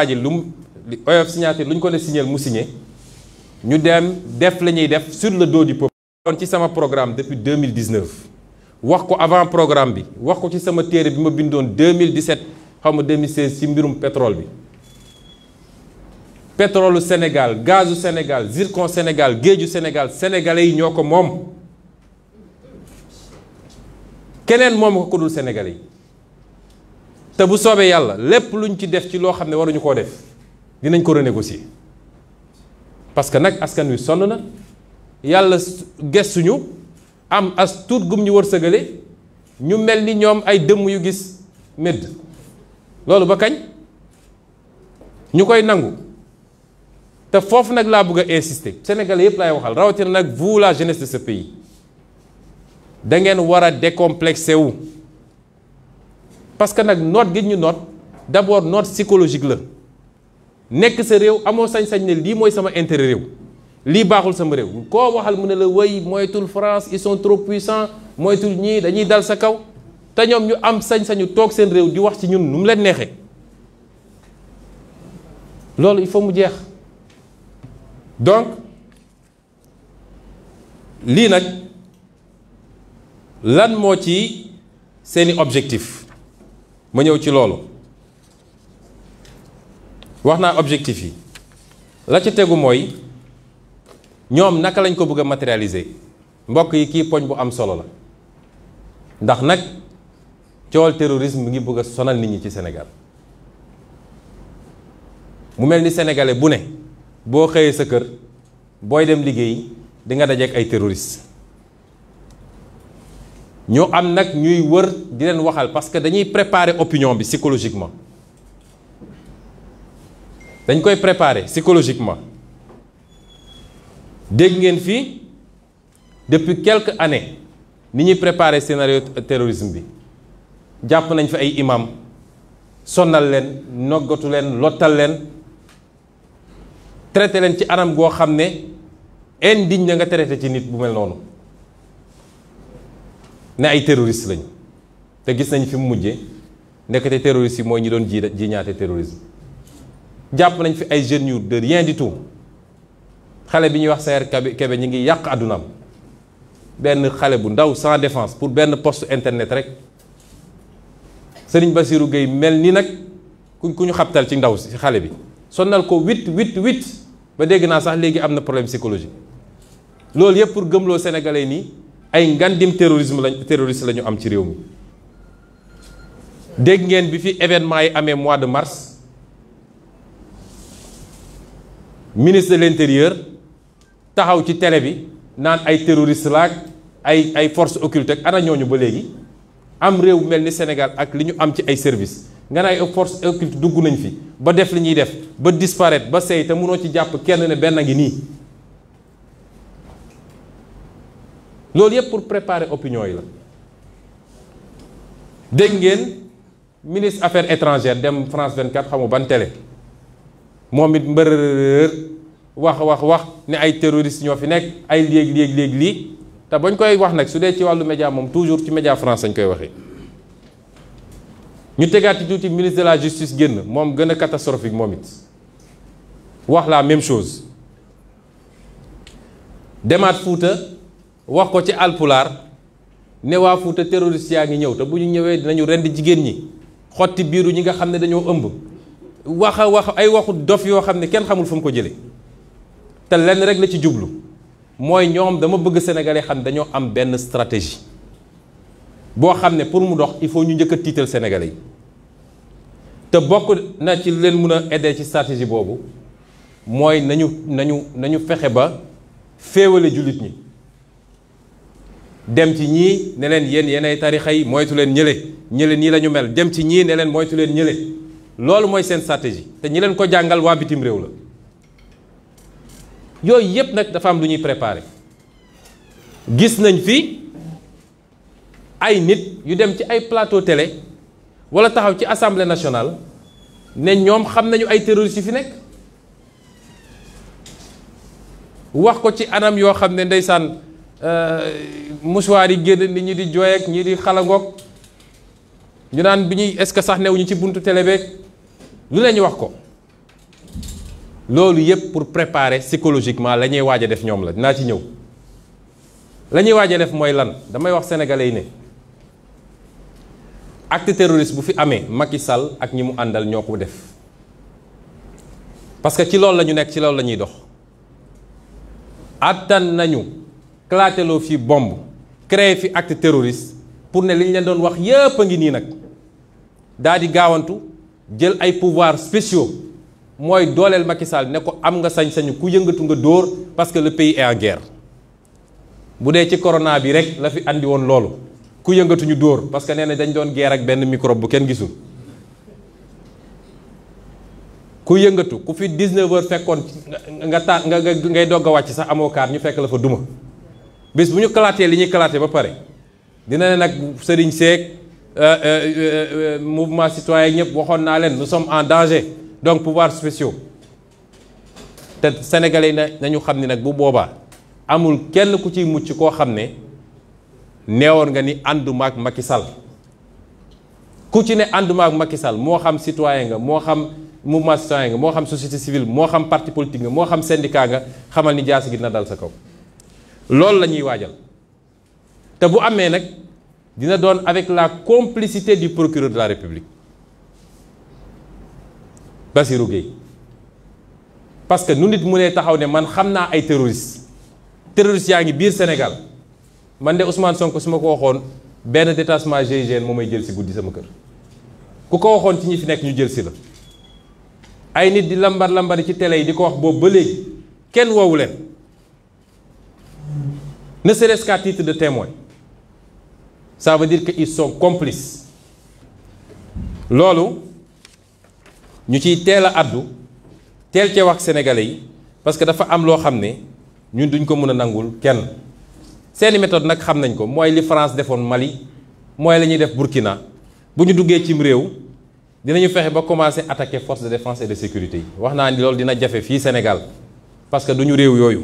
signature lu sur le dos du peuple. Nous ci sama programme depuis 2019 wax ko avant programme bi wax ko ci sama téere bi ma 2017 xaw 2016 ci pétrole bi pétrole Sénégal gazu Sénégal zircon Sénégal du Sénégal sénégalais yi ñoo ko moom keneen moom ko ko sénégalais te bu soobee yàlla lépp lu luñ ci def ci loo xam ne waruñu koo def dinañ ko renégocier parce que nag askan wi sonn na yàlla gestuñu am as tuut gum ñu wërsëgale ñu mel ni ñoom ay dëmm yu gis médd loolu ba kañ ñu koy nangu te foofu nag laa bëgg a insister sénégalais yépp laay waxal rawatina nag vous la jeunesse de ce pays da ngeen war a décomplexé wu. parce que nak note gi ñu note d'abord note psychologique la nek sa rew amo sañ-sañ ne li moy sama intérêt rew li sama waxal mu ne France ils sont trop puissants moytul ñi dañuy dal sa kaw ta ñom ñu am sañ-sañu tok sen rew di wax ci ñun il faut mu donc li nak lan mo ci objectif ma ñëw ci loolu wax naa objectif yi la ci tegu mooy ñoom naka lañ ko bëgg a matérialiser mbokk yi kii poñ bu am solo la ndax nag coowal terrorisme mu ngi bëgg a sonal nit ñi ci senegal mu mel ni sénégalais bu ne boo xëyee sa kër booy dem liggéey dinga nga dajeek ay terroristes ñu am nag ñuy wër di leen waxal parce que dañuy préparer opinion bi psychologiquement dañ koy préparer psychologiquement dégg ngeen fii depuis quelques années ni ñi préparer scénario terrorisme bi japp nañ fi ay imam sonnal leen noggatu leen lotal leen traité leen ci anam go xamné indigne nga traité ci nit bu mel nonou ne ay terroriste lañu te gis nañ fi mu mujjee ndekete terroriste yi mooy ñi doon ji ji ñaate terrorisme jàpp nañ fi ay jeunes yu de rien di tout xale bi ñuy wax Saer Kébé ñi ngi yàq àddunaam benn xale bu ndaw sans défense pour benn post internet rek Serigne Bassirou Gueye mel ni nag ku ku ñu xabtal ci ndaw si xale bi sonnal ko huit huit huit ba dégg naa sax léegi am na problème psychologique loolu yëpp pour gëmloo sénégalais nii ay ngandim terrorisme lañ terroriste la ñu am ci réew mi dégg ngeen bi fi événement yi amee mois de mars ministre de l'intérieur taxaw ci télé bi naan ay terroriste laa ay ay force occulte ak ana ñooñu ba léegi am réew mel ni Sénégal ak li ñu am ci ay service nga ne ay force occulte dugg nañ fi ba def li ñuy def ba disparaître ba sey te mënoo ci jàpp kenn ne benn ngi nii C'est pour préparer opinion yi la dégg ngeen ministre affaires étrangères dem France 24 xamu ban télé Mohamed it Wah wax wax wax ne ay terroristes ñoo fi nekk ay léeg léeg léeg T'as te quoi koy wax nag su dee ci média mom. toujours ci média France lañ koy waxee. ñu tegaat ci ministre de la justice génn mom gën catastrophique moom wax la même chose demaat Fuuta. wax ko ci alpulaar ne waa Fuuta terroriste yaa ngi ñëw te bu ñu ñëwee dinañu rend jigéen ñi xotti biiru ñi nga xam ne dañoo ëmb wax wax ay waxu dof yoo xam ne kenn xamul fu mu ko jëlee te lenn rek la ci jublu mooy ñoom dama bëgg sénégalais xam ne dañoo am benn stratégie boo xam ne pour mu dox il faut ñu njëkk tiital sénégalais te bokk na ci leen mën a aider ci stratégie boobu mooy nañu nañu nañu fexe ba féewale jullit ñi dem ci ñii ne leen yéen yéenay tarixa yi moytu leen ñële ñële nii la ñu mel dem ci ñii ne leen moytu leen ñële loolu mooy seen stratégie te ñi leen ko jàngal waa bitim réew la yooyu yépp nag dafa am lu ñuy préparer gis nañ fi ay nit yu dem ci ay plateau télé wala taxaw ci assemblée nationale ne ñoom xam nañu ay terroristes yu fi nekk wax ko ci anam yoo xam ne ndeysaan Euh, musuwaar yi génn nit ñi di jooy ak ñi di xalangoog ñu naan bi est-ce que sax newuñu ci buntu télé beeg lu ne ñu wax ko loolu yépp pour préparer psychologiquement la ñuy waaj a def ñoom la dinaa ci ñëw la ñuy def mooy lan damay wax sénégalais yi ne acte terroriste bu fi amé Macky Sall ak ñi mu àndal def parce que ci loolu lañu nek ci loolu lañuy dox attan nañu lo fi bomb créé fi acte terroriste pour né liñ leen doon wax yépp ngi ni nak daa di gaawantu jël ay pouvoirs spéciaux moy dolel Macky Sall né ko am nga sañ sañ ku yëngatu nga dóor parce que le pays est en guerre budé ci corona bi rek la fi andi won lolu ku yëngatu ñu dóor parce que nee dañ doon guerre ak ben microbe bu kenn gisul ku yëngatu ku fi 19 h fekkon nga nga ngay dogg wacc sax amo car ñu fekk la fa duma bis bu ñu kalaatee li ñuy kalaatee ba pare dina ne nag sëriñ seeg euh, euh, euh, mouvement citoyen ñëpp waxoon naa leen nous sommes en danger donc pouvoirs spéciaux te sénégalais na nañu xam ni nag bu boobaa amul kenn ku ciy mucc koo xam ne neewoon nga ni ànduma ak Macky Sall ku ci ne ànduma ak moo xam citoyen nga moo xam mouvement citoyen nga moo xam société civile moo xam parti politique nga moo xam syndicat nga xamal ni jaasi gi na dal sa kaw lol la wajal té bu dina avec la complicité du procureur de la République Bassirou gay parce que nous, nit mu taxaw ne man xamna ay terroristes terroristes qui bir Sénégal man de Ousmane Sonko suma ko waxone ben détachement GIGN momay jël un goudi sama kër ku ko ci ñi fi ñu jël la ay nit di lambar lambar ci télé yi wax ba ne serait-ce qu'à titre de témoin. Ça veut dire qu'ils sont complices. Lolo, nous sommes tel abdou tel teel wax sénégalais parce que dafa am que nous ne ñun ko nangul méthode que nous avons ko nous France défend Mali nous je def Burkina bu nous réew dinañu nous ba commencer attaquer forces de défense et de sécurité Nous dit, que nous avons dina Sénégal parce que duñu réew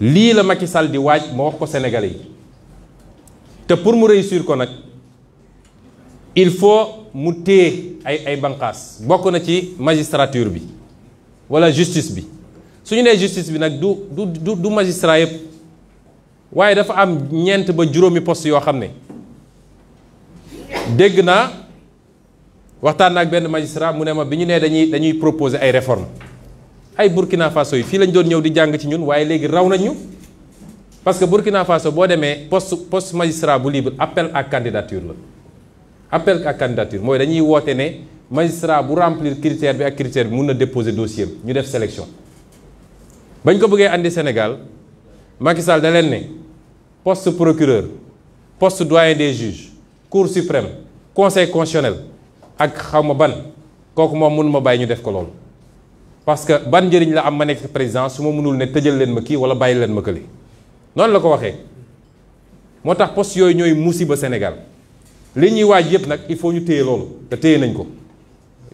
li la Macky Sall di waaj mo wax ko Sénégalais té pour mu réussir ko nak il faut mu té ay ay banqaas bokk na ci magistrature bi wala justice bi suñu né justice bi nak du du du magistrat yépp waaye dafa am ñent ba juróomi poste yo xamné dégg na waxtaan ak benn magistrat mu ne ma bi ñu dañuy dañuy proposer ay réformes. ay Burkina Faso yi fii lañ doon ñëw di jàng ci ñun waaye léegi raw nañu ñu parce que Burkina Faso boo demee post post magistrat bu libre appel ak candidature la appel à candidature mooy dañuy woote ne magistrat bu remplir critère bi ak critère bi mun na déposer dossier ñu def sélection bañ ko bëggee indi Sénégal Macky Sall ne post procureur poste doyen des juges cour suprême conseil constitutionnel ak xaw ma ban kooku moom mënuma bàyyi ñu def ko loolu parce que ban njëriñ la am ma nekk président suma mënul ne tejeel leen ma ki wala bayil leen ma kële non la ko waxee motax poste yoy ñoy musiba Sénégal li ñuy waaj yëpp nag il faut ñu téye loolu té téye nañ ko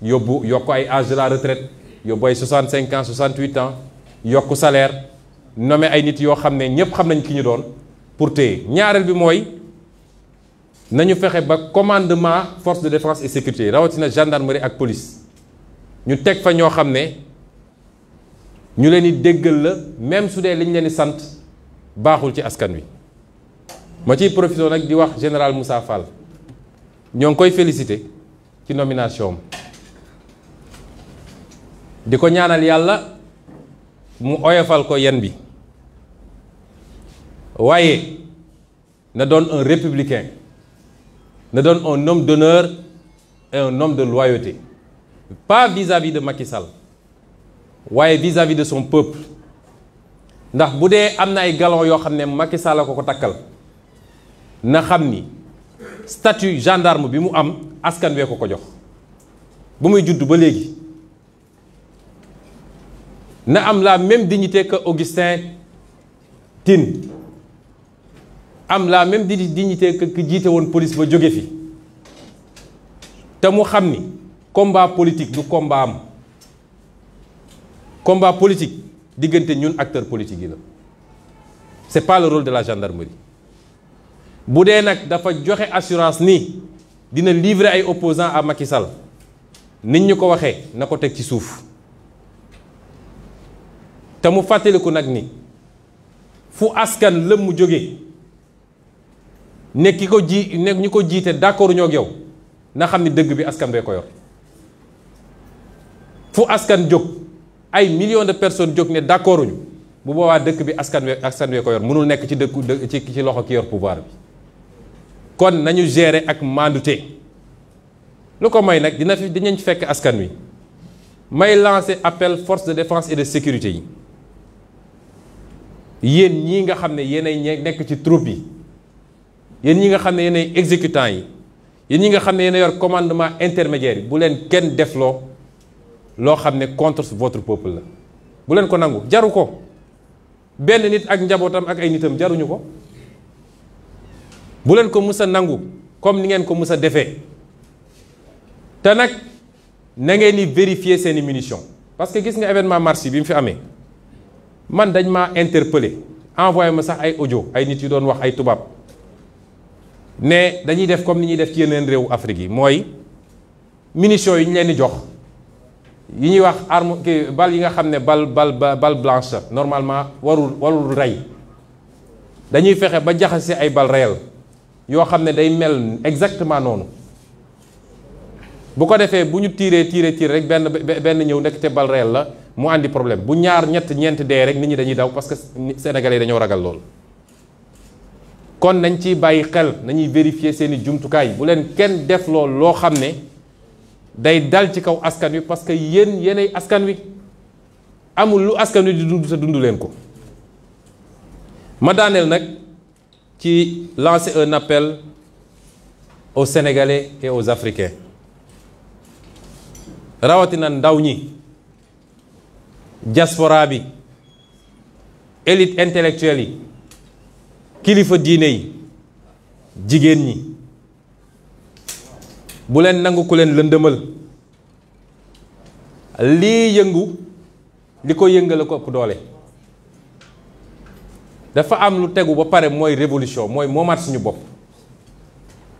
yobbu yokk ay âge de la retraite yóbbu ay 65 ans 68 ans yokku salaire nommé ay nit yo xamné ñepp ñëpp xam nañ ki ñu doon pour téye ñaareel bi moy nañu fexé ba commandement force de défense et sécurité rawatina gendarmerie ak police ñu teg fa ño xamné nous avons di même si nous li sante, leen baaxul ci askan wi ma ciy profité nag di wax général Moussa Fall ñoo koy félicité ci nomination am de ñaanal yalla mu oyofal ko yen bi wayé na donne un républicain na donne un homme d'honneur et un homme de loyauté pas vis-à-vis de Macky Sall vis-à-vis de son peuple ndax que si ay Macky Sall ko na statut gendarme bi mu am askan wee ko ko jox la même dignité que Augustin Tin. am la même dignité que ki police ba fi combat politique du combat combat politique diggante ñun acteur politique yi la c'est pas le rôle de la gendarmerie bu dee nag dafa joxe assurance ni dina livrer ay opposants à Macky Sall nit ñi ko waxee na ko teg ci suuf te mu fàttaliku nag ni fu askan lëm mu jóge nekk ki ko ji nekk ñi ko jiite d'accord ñoo yow na xam ni dëgg bi askan bee ko yor fu askan jóg ay million de personnes jóg ne d'accord uñu bu boobaa dëkk bi askan wi askan wi ko yor mënul nekk ci dëkku ci ci loxo ki yor pouvoir bi kon nañu gérer ak mandute lu ko may nag dina fi dinañ fekk askan wi may lancer appel force de défense et de sécurité yi yéen ñii nga xam ne yéenay nekk ci troupe yi yéen ñi nga xam ne yéenay exécutants yi yen ñi nga xam ne yéen a yor commandement intermédiaire yi bu leen kenn defloo loo xam ne contre votre peuple la bu leen ko nangu jaru ko benn nit ak njabootam ak ay nitam jaruñu ko bu leen ko mës a nangu comme ni ngeen ko mës a defee te nag na ngeen di vérifier seeni munitions parce que gis nga événement marché bi mu fi amee man dañ ma interpellé envoyé ma sax ay audio ay nit yu doon wax ay tubaab ne dañuy def comme ni ñuy def ci yeneen réewu Afrique yi mooy munitions yi ñu leen di jox. yi ñuy wax arme ki bal yi nga xam ne bal bal bal blanche normalement warul warul rey dañuy fexe ba jaxase ay bal réel yoo xam ne day mel exactement noonu bu ko defee bu ñu tiiree tiiree tiire rek benn benn ñëw nekk te bal réel la mu andi problème bu ñaar ñett ñeent dee rek nit ñi dañuy daw parce que sénégalais dañoo ragal lool. kon nañ ci bàyyi xel nañuy vérifier seeni jumtukaay bu leen kenn def lool loo xam ne day dal ci kaw askan wi parce que yéen yéenay askan wi amul lu askan wi di dund sa dund nous ko ma danel nak ci lancer un appel aux Sénégalais et aux Africains rawatina ndaw ñi diaspora bi élite intellectuelle yi kilifa ñi bu leen nangu ku leen lëndëmal lii yëngu li ko yëngale ko ëpp doole dafa am lu tegu ba pare mooy révolution mooy moomaat suñu bopp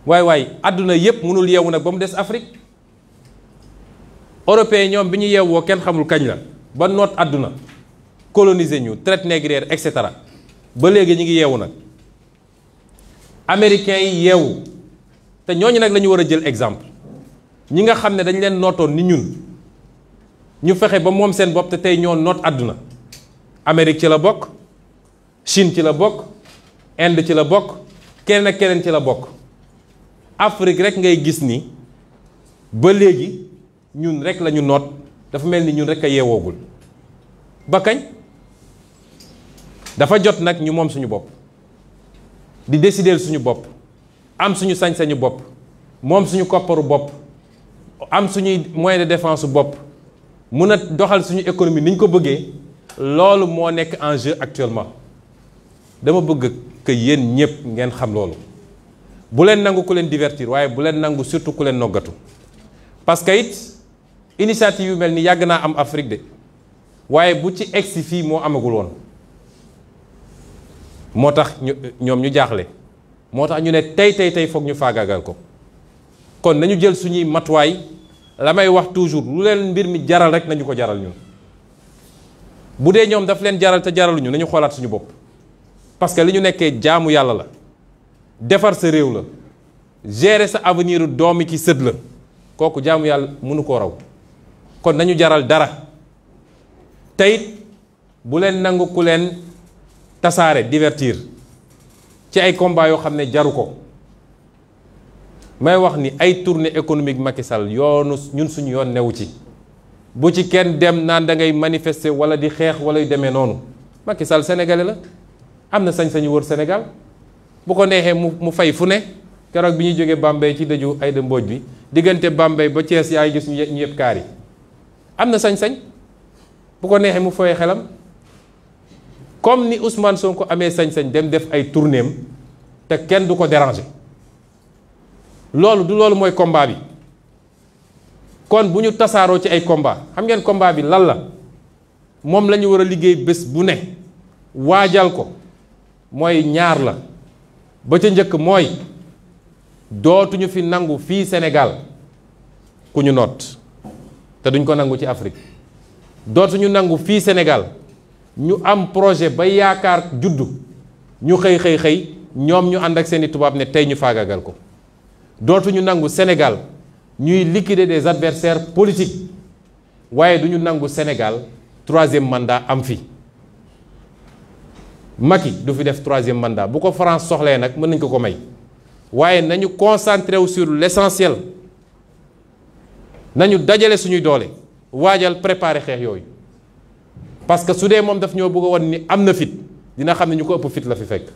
waaye waay àdduna yépp mënul yeewu nag ba mu des Afrique européens ñoom bi ñu yeewoo kenn xamul kañ la ba noot àdduna coloniser ñu traite négrière et cetera ba léegi ñu ngi yeewu nag américains yi yeewu te ñoñu nak la wara jël exemple ñi nga xam dañ leen nootoon ni ñun ñu fexé ba mom seen bop te tay ñoo note aduna amerique ci la bok Chine ci la bok Inde ci la bok keneen ak kenen ci la bok Afrique rek ngay gis ni ba légui ñun rek la note dafa melni ñun rek ka yewogul ba kañ dafa jot nak ñu mom suñu bop di décider suñu bop am suñu sañ-sañu bopp moom suñu kopparu bopp am suñuy moyen de défense bopp mun a doxal suñu économie ni ñu ko bëggee loolu moo nekk en jeu actuellement dama bëgg que yéen ñëpp ngeen xam loolu bu leen nangu ku leen divertir waaye bu leen nangu surtout ku leen noggatu parce que it initiative yu mel ni yàgg naa am Afrique de waaye bu ci egsi fii moo amagul woon moo tax ñoom ñu jaaxle moo tax ñu ne tey tey tey foog ñu faagaagal ko kon nañu jël suñuy matuwaay la may wax toujours lu leen mbir mi jaral rek nañu ko jaral ñun bu dee ñoom daf leen jaral te jaraluñu nañu xoolaat suñu bopp parce que li ñu nekkee jaamu yàlla la defar sa réew la gérer sa avenir doomi ki sët la kooku jaamu yàlla mënu koo raw kon nañu jaral dara teyit bu leen nangu ku leen tasaare divertir ci ay combat yoo xam ne jaru ko may wax ni ay tournée économique Macky Sall yoonu ñun suñu yoon newu ci bu ci kenn dem naan da ngay manifester wala di xeex wala yu demee noonu Macky Sall sénégalais la am na sañ-sañu wër senegal bu ko neexee mu mu fay fu ne keroog bi ñuy jógee Bambey ci dëju Aïda Mbodj bi diggante Bambey ba Thiès yaa ngi gis ñu yëpp kaari am na sañ-sañ bu ko neexee mu foyee xelam. comme ni Ousmane Sonko amé sañ-sañ dem def ay te kenn duko déranger lolu du lolu moy combat bi kon bu tassaro ci ay combat xam ngeen combat bi lan la mom lañu wara liggéey bës bu né waajal ko moy ñaar la ba fi nangu fi Sénégal ku ñu duñ ko nangu ci Afrique nangu fi Sénégal ñu am projet ba yaakaar juddu ñu xëy xëy xëy ñoom ñu ànd ak seeni tubaab ne tey ñu faagagal ko dootuñu nangu Sénégal ñuy liquider des adversaires politiques waaye duñu nangu Sénégal troisième mandat am fi Macky du fi def troisième mandat bu ko France soxlee nag mën nañ ko ko may waaye nañu concentré wu sur l'essentiel nañu dajale suñuy doole waajal préparer xeex yooyu parce que su mom daf ñoo bëggoon ni amna fit dina xamni ñuko ëpp fit la fi fekk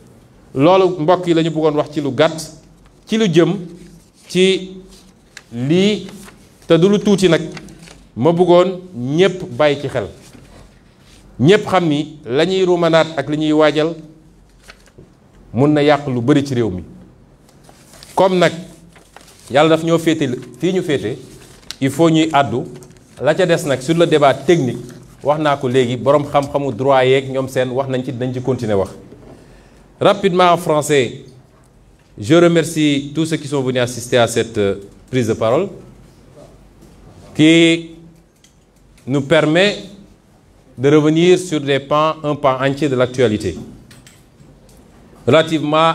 loolu mbokk yi la bëggoon wax ci lu gatt ci lu jëm ci li te du lu tuuti nag ma bëggoon ñépp bàyyi ci xel xam ni la ñuy ak li ñuy waajal mun na yàq lu bari ci réew mi comme nag yàlla daf ñoo féete fii ñu féete il faut ñuy addu la ca des nag sur le débat technique rapidement en français je remercie tous ceux qui sont venus assister à cette euh, prise de parole qui nous permet de revenir sur des pans, un pan entier de l'actualité relativement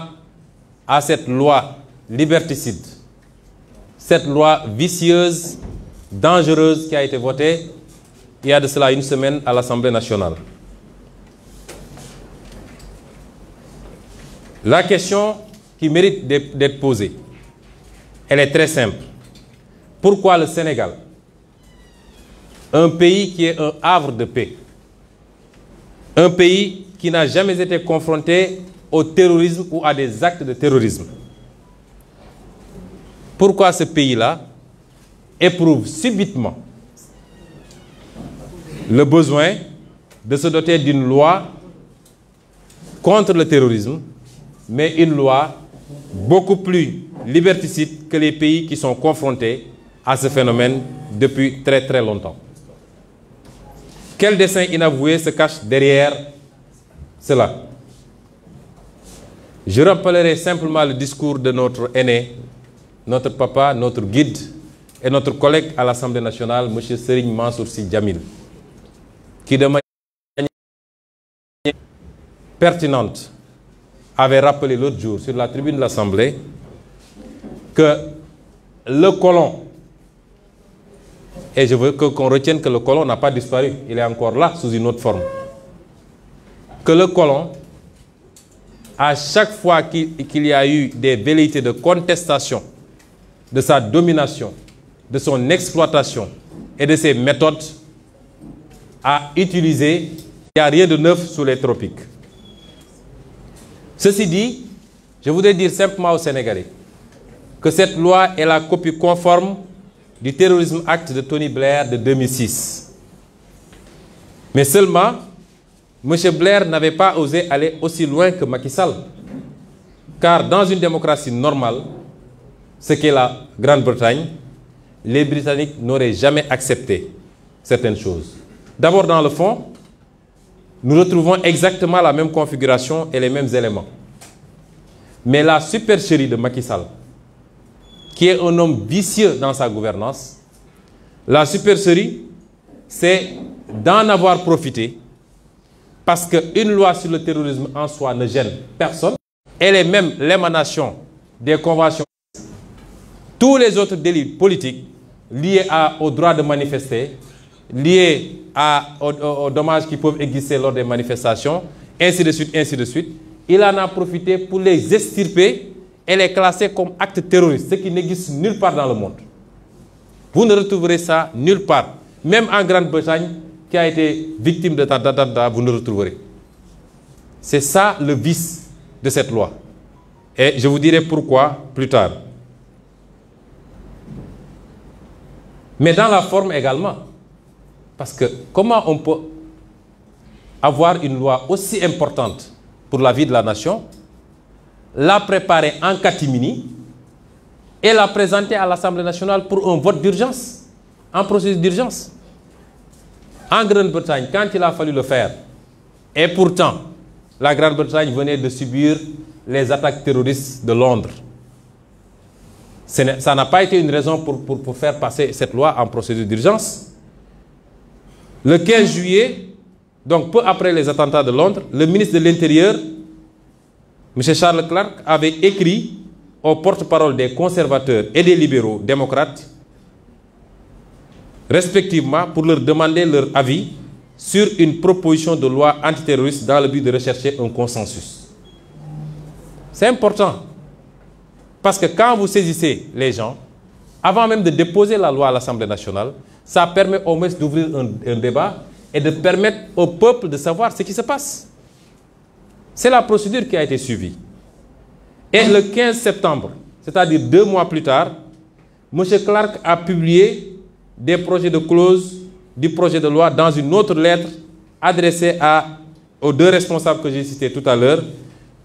à cette loi liberticide, cette loi vicieuse, dangereuse qui a été votée il y a de cela une semaine à l'Assemblée nationale. La question qui mérite d'être posée, elle est très simple. Pourquoi le Sénégal, un pays qui est un havre de paix, un pays qui n'a jamais été confronté au terrorisme ou à des actes de terrorisme. Pourquoi ce pays-là éprouve subitement le besoin de se doter d'une loi contre le terrorisme, mais une loi beaucoup plus liberticide que les pays qui sont confrontés à ce phénomène depuis très très longtemps. Quel dessin inavoué se cache derrière cela Je rappellerai simplement le discours de notre aîné, notre papa, notre guide et notre collègue à l'Assemblée nationale, M. Serigne Mansourci Djamil qui de manière pertinente avait rappelé l'autre jour sur la tribune de l'Assemblée que le colon, et je veux qu'on retienne que le colon n'a pas disparu, il est encore là sous une autre forme, que le colon, à chaque fois qu'il y a eu des velléités de contestation de sa domination, de son exploitation et de ses méthodes, à utiliser. Il n'y a rien de neuf sous les tropiques. Ceci dit, je voudrais dire simplement aux Sénégalais que cette loi est la copie conforme du Terrorisme acte de Tony Blair de 2006. Mais seulement, M. Blair n'avait pas osé aller aussi loin que Macky Sall. Car dans une démocratie normale, ce qu'est la Grande-Bretagne, les Britanniques n'auraient jamais accepté certaines choses. D'abord, dans le fond, nous retrouvons exactement la même configuration et les mêmes éléments. Mais la supercherie de Macky Sall, qui est un homme vicieux dans sa gouvernance, la supercherie, c'est d'en avoir profité parce qu'une loi sur le terrorisme en soi ne gêne personne. Elle est même l'émanation des conventions. Tous les autres délits politiques liés au droit de manifester liés à, aux, dommages qui peuvent exister lors des manifestations, ainsi de suite, ainsi de suite. Il en a profité pour les extirper et les classer comme actes terroristes, ce qui n'existe nulle part dans le monde. Vous ne retrouverez ça nulle part. Même en Grande-Bretagne, qui a été victime de ta vous ne retrouverez. C'est ça le vice de cette loi. Et je vous dirai pourquoi plus tard. Mais dans la forme également. Parce que comment on peut avoir une loi aussi importante pour la vie de la nation, la préparer en catimini et la présenter à l'Assemblée nationale pour un vote d'urgence, en processus d'urgence En Grande-Bretagne, quand il a fallu le faire, et pourtant, la Grande-Bretagne venait de subir les attaques terroristes de Londres. Ça n'a pas été une raison pour, pour faire passer cette loi en procédure d'urgence. Le 15 juillet, donc peu après les attentats de Londres, le ministre de l'Intérieur, M. Charles Clark, avait écrit au porte-parole des conservateurs et des libéraux démocrates, respectivement, pour leur demander leur avis sur une proposition de loi antiterroriste dans le but de rechercher un consensus. C'est important. Parce que quand vous saisissez les gens, avant même de déposer la loi à l'Assemblée nationale, ça permet au moins d'ouvrir un, débat et de permettre au peuple de savoir ce qui se passe. C'est la procédure qui a été suivie. Et le 15 septembre, c'est-à-dire deux mois plus tard, M. Clark a publié des projets de clause du projet de loi dans une autre lettre adressée aux deux responsables que j'ai cités tout à l'heure,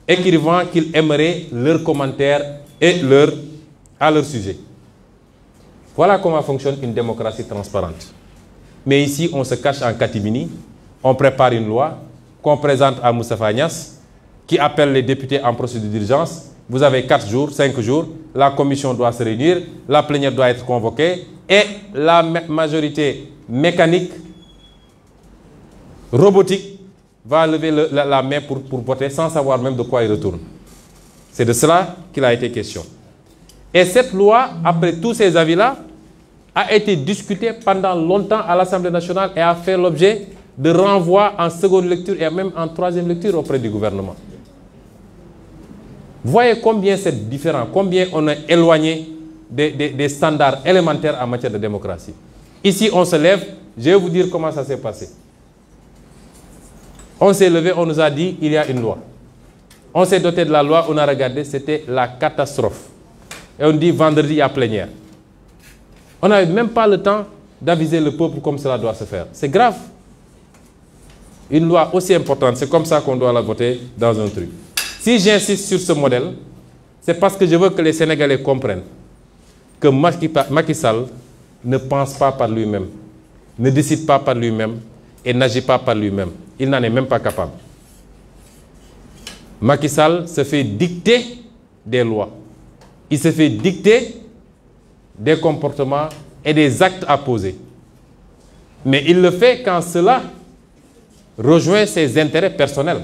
écrivant qu'ils aimeraient leurs commentaires et leur, à leur sujet. Voilà comment fonctionne une démocratie transparente. Mais ici, on se cache en catimini, on prépare une loi qu'on présente à Moustapha Agnès, qui appelle les députés en procédure d'urgence. Vous avez quatre jours, cinq jours, la commission doit se réunir, la plénière doit être convoquée et la majorité mécanique, robotique, va lever la, main pour, pour voter sans savoir même de quoi il retourne. C'est de cela qu'il a été question. Et cette loi, après tous ces avis-là, a été discutée pendant longtemps à l'Assemblée nationale et a fait l'objet de renvois en seconde lecture et même en troisième lecture auprès du gouvernement. Voyez combien c'est différent, combien on est éloigné des, standards élémentaires en matière de démocratie. Ici, on se lève, je vais vous dire comment ça s'est passé. On s'est levé, on nous a dit, il y a une loi. On s'est doté de la loi, on a regardé, c'était la catastrophe et on dit vendredi à plénière. On n'a même pas le temps d'aviser le peuple comme cela doit se faire. C'est grave. Une loi aussi importante, c'est comme ça qu'on doit la voter dans un truc. Si j'insiste sur ce modèle, c'est parce que je veux que les Sénégalais comprennent que Macky Sall ne pense pas par lui-même, ne décide pas par lui-même et n'agit pas par lui-même. Il n'en est même pas capable. Macky Sall se fait dicter des lois il se fait dicter des comportements et des actes à poser. Mais il le fait quand cela rejoint ses intérêts personnels.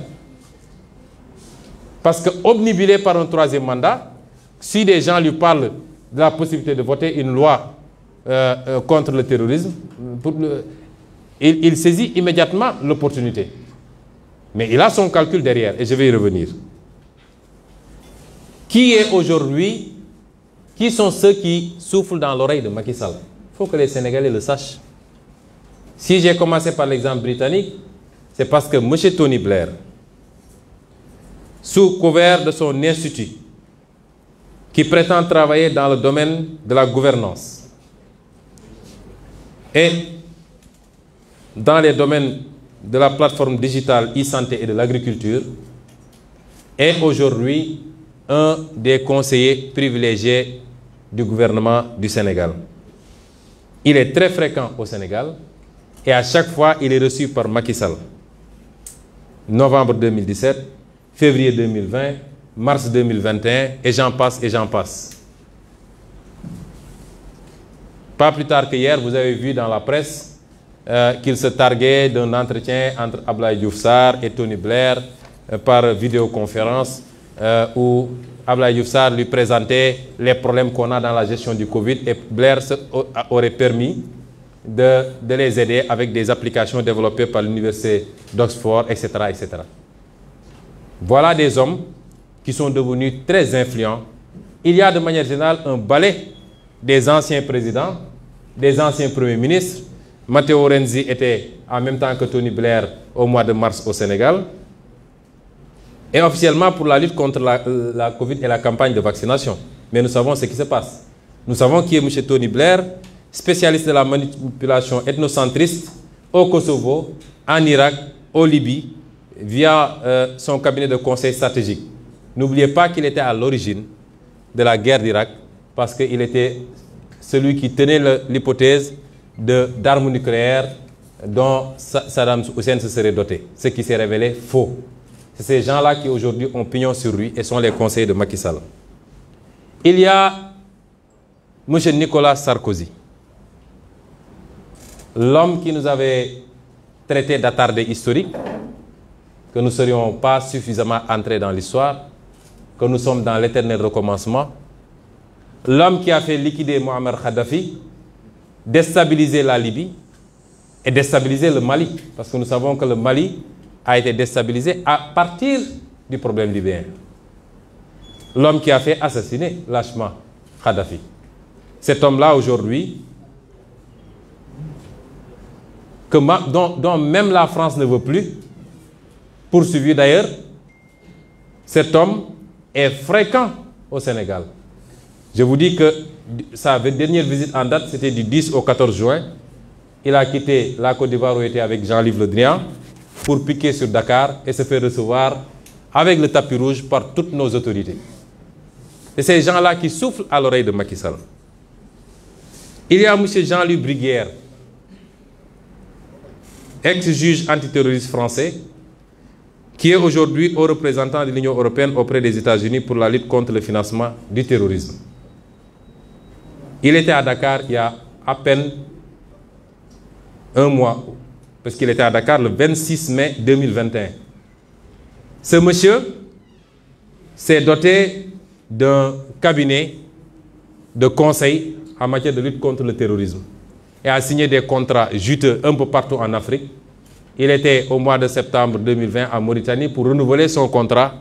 Parce que obnubilé par un troisième mandat, si des gens lui parlent de la possibilité de voter une loi euh, euh, contre le terrorisme, euh, il saisit immédiatement l'opportunité. Mais il a son calcul derrière, et je vais y revenir. Qui est aujourd'hui qui sont ceux qui soufflent dans l'oreille de Macky Sall Il faut que les Sénégalais le sachent. Si j'ai commencé par l'exemple britannique, c'est parce que M. Tony Blair, sous couvert de son institut, qui prétend travailler dans le domaine de la gouvernance et dans les domaines de la plateforme digitale e-santé et de l'agriculture, est aujourd'hui un des conseillers privilégiés du gouvernement du Sénégal. Il est très fréquent au Sénégal et à chaque fois, il est reçu par Macky Sall. Novembre 2017, février 2020, mars 2021, et j'en passe, et j'en passe. Pas plus tard que hier, vous avez vu dans la presse euh, qu'il se targuait d'un entretien entre Ablaï Diouf et Tony Blair euh, par vidéoconférence euh, où Ablaï Youssar lui présentait les problèmes qu'on a dans la gestion du Covid et Blair aurait permis de, les aider avec des applications développées par l'Université d'Oxford, etc., etc. Voilà des hommes qui sont devenus très influents. Il y a de manière générale un balai des anciens présidents, des anciens premiers ministres. Matteo Renzi était en même temps que Tony Blair au mois de mars au Sénégal et officiellement pour la lutte contre euh, la, Covid et la campagne de vaccination. Mais nous savons ce qui se passe. Nous savons qui est M. Tony Blair, spécialiste de la manipulation ethnocentriste au Kosovo, en Irak, au Libye, via euh, son cabinet de conseil stratégique. N'oubliez pas qu'il était à l'origine de la guerre d'Irak parce qu'il était celui qui tenait l'hypothèse d'armes nucléaires dont Saddam Hussein se serait doté, ce qui s'est révélé faux. C'est ces gens-là qui aujourd'hui ont pignon sur lui et sont les conseillers de Macky Sall. Il y a M. Nicolas Sarkozy, l'homme qui nous avait traité d'attardé historique, que nous ne serions pas suffisamment entrés dans l'histoire, que nous sommes dans l'éternel recommencement, l'homme qui a fait liquider Mohamed Kadhafi, déstabiliser la Libye et déstabiliser le Mali, parce que nous savons que le Mali a été déstabilisé à partir du problème libyen. L'homme qui a fait assassiner lâchement Kadhafi. Cet homme-là aujourd'hui, dont, même la France ne veut plus, poursuivi d'ailleurs, cet homme est fréquent au Sénégal. Je vous dis que sa dernière visite en date, c'était du 10 au 14 juin. Il a quitté la Côte d'Ivoire où il était avec Jean-Livre Le Drian pour piquer sur Dakar et se faire recevoir avec le tapis rouge par toutes nos autorités. Et ces gens-là qui soufflent à l'oreille de Macky Sall. Il y a M. Jean-Louis Briguière, ex-juge antiterroriste français, qui est aujourd'hui au représentant de l'Union européenne auprès des États-Unis pour la lutte contre le financement du terrorisme. Il était à Dakar il y a à peine un mois parce qu'il était à Dakar le 26 mai 2021. Ce monsieur s'est doté d'un cabinet de conseil en matière de lutte contre le terrorisme et a signé des contrats juteux un peu partout en Afrique. Il était au mois de septembre 2020 à Mauritanie pour renouveler son contrat.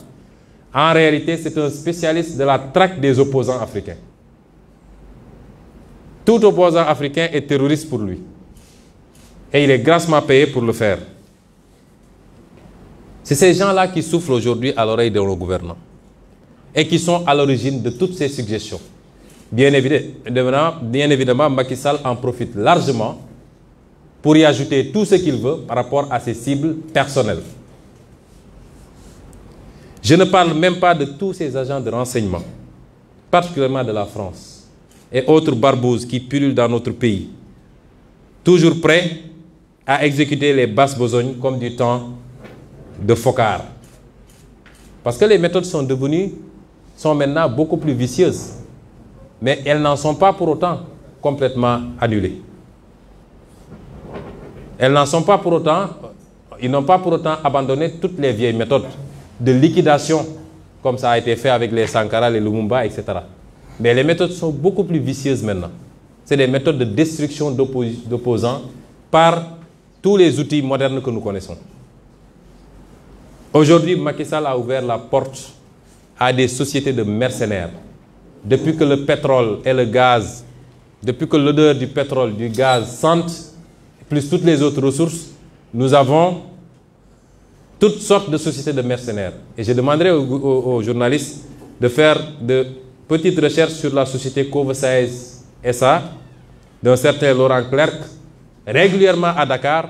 En réalité, c'est un spécialiste de la traque des opposants africains. Tout opposant africain est terroriste pour lui. Et il est grassement payé pour le faire. C'est ces gens-là qui souffrent aujourd'hui à l'oreille de nos gouvernants et qui sont à l'origine de toutes ces suggestions. Bien évidemment, bien évidemment, Macky Sall en profite largement pour y ajouter tout ce qu'il veut par rapport à ses cibles personnelles. Je ne parle même pas de tous ces agents de renseignement, particulièrement de la France et autres barbouzes qui pullulent dans notre pays, toujours prêts à exécuter les basses besognes comme du temps de Focard. Parce que les méthodes sont devenues, sont maintenant beaucoup plus vicieuses, mais elles n'en sont pas pour autant complètement annulées. Elles n'en sont pas pour autant, ils n'ont pas pour autant abandonné toutes les vieilles méthodes de liquidation, comme ça a été fait avec les Sankara, les Lumumba, etc. Mais les méthodes sont beaucoup plus vicieuses maintenant. C'est des méthodes de destruction d'opposants par tous les outils modernes que nous connaissons. Aujourd'hui, Macky Sall a ouvert la porte à des sociétés de mercenaires. Depuis que le pétrole et le gaz, depuis que l'odeur du pétrole, du gaz sente, plus toutes les autres ressources, nous avons toutes sortes de sociétés de mercenaires. Et je demanderai aux, journalistes de faire de petites recherches sur la société Cove 16 SA d'un certain Laurent Clerc, régulièrement à Dakar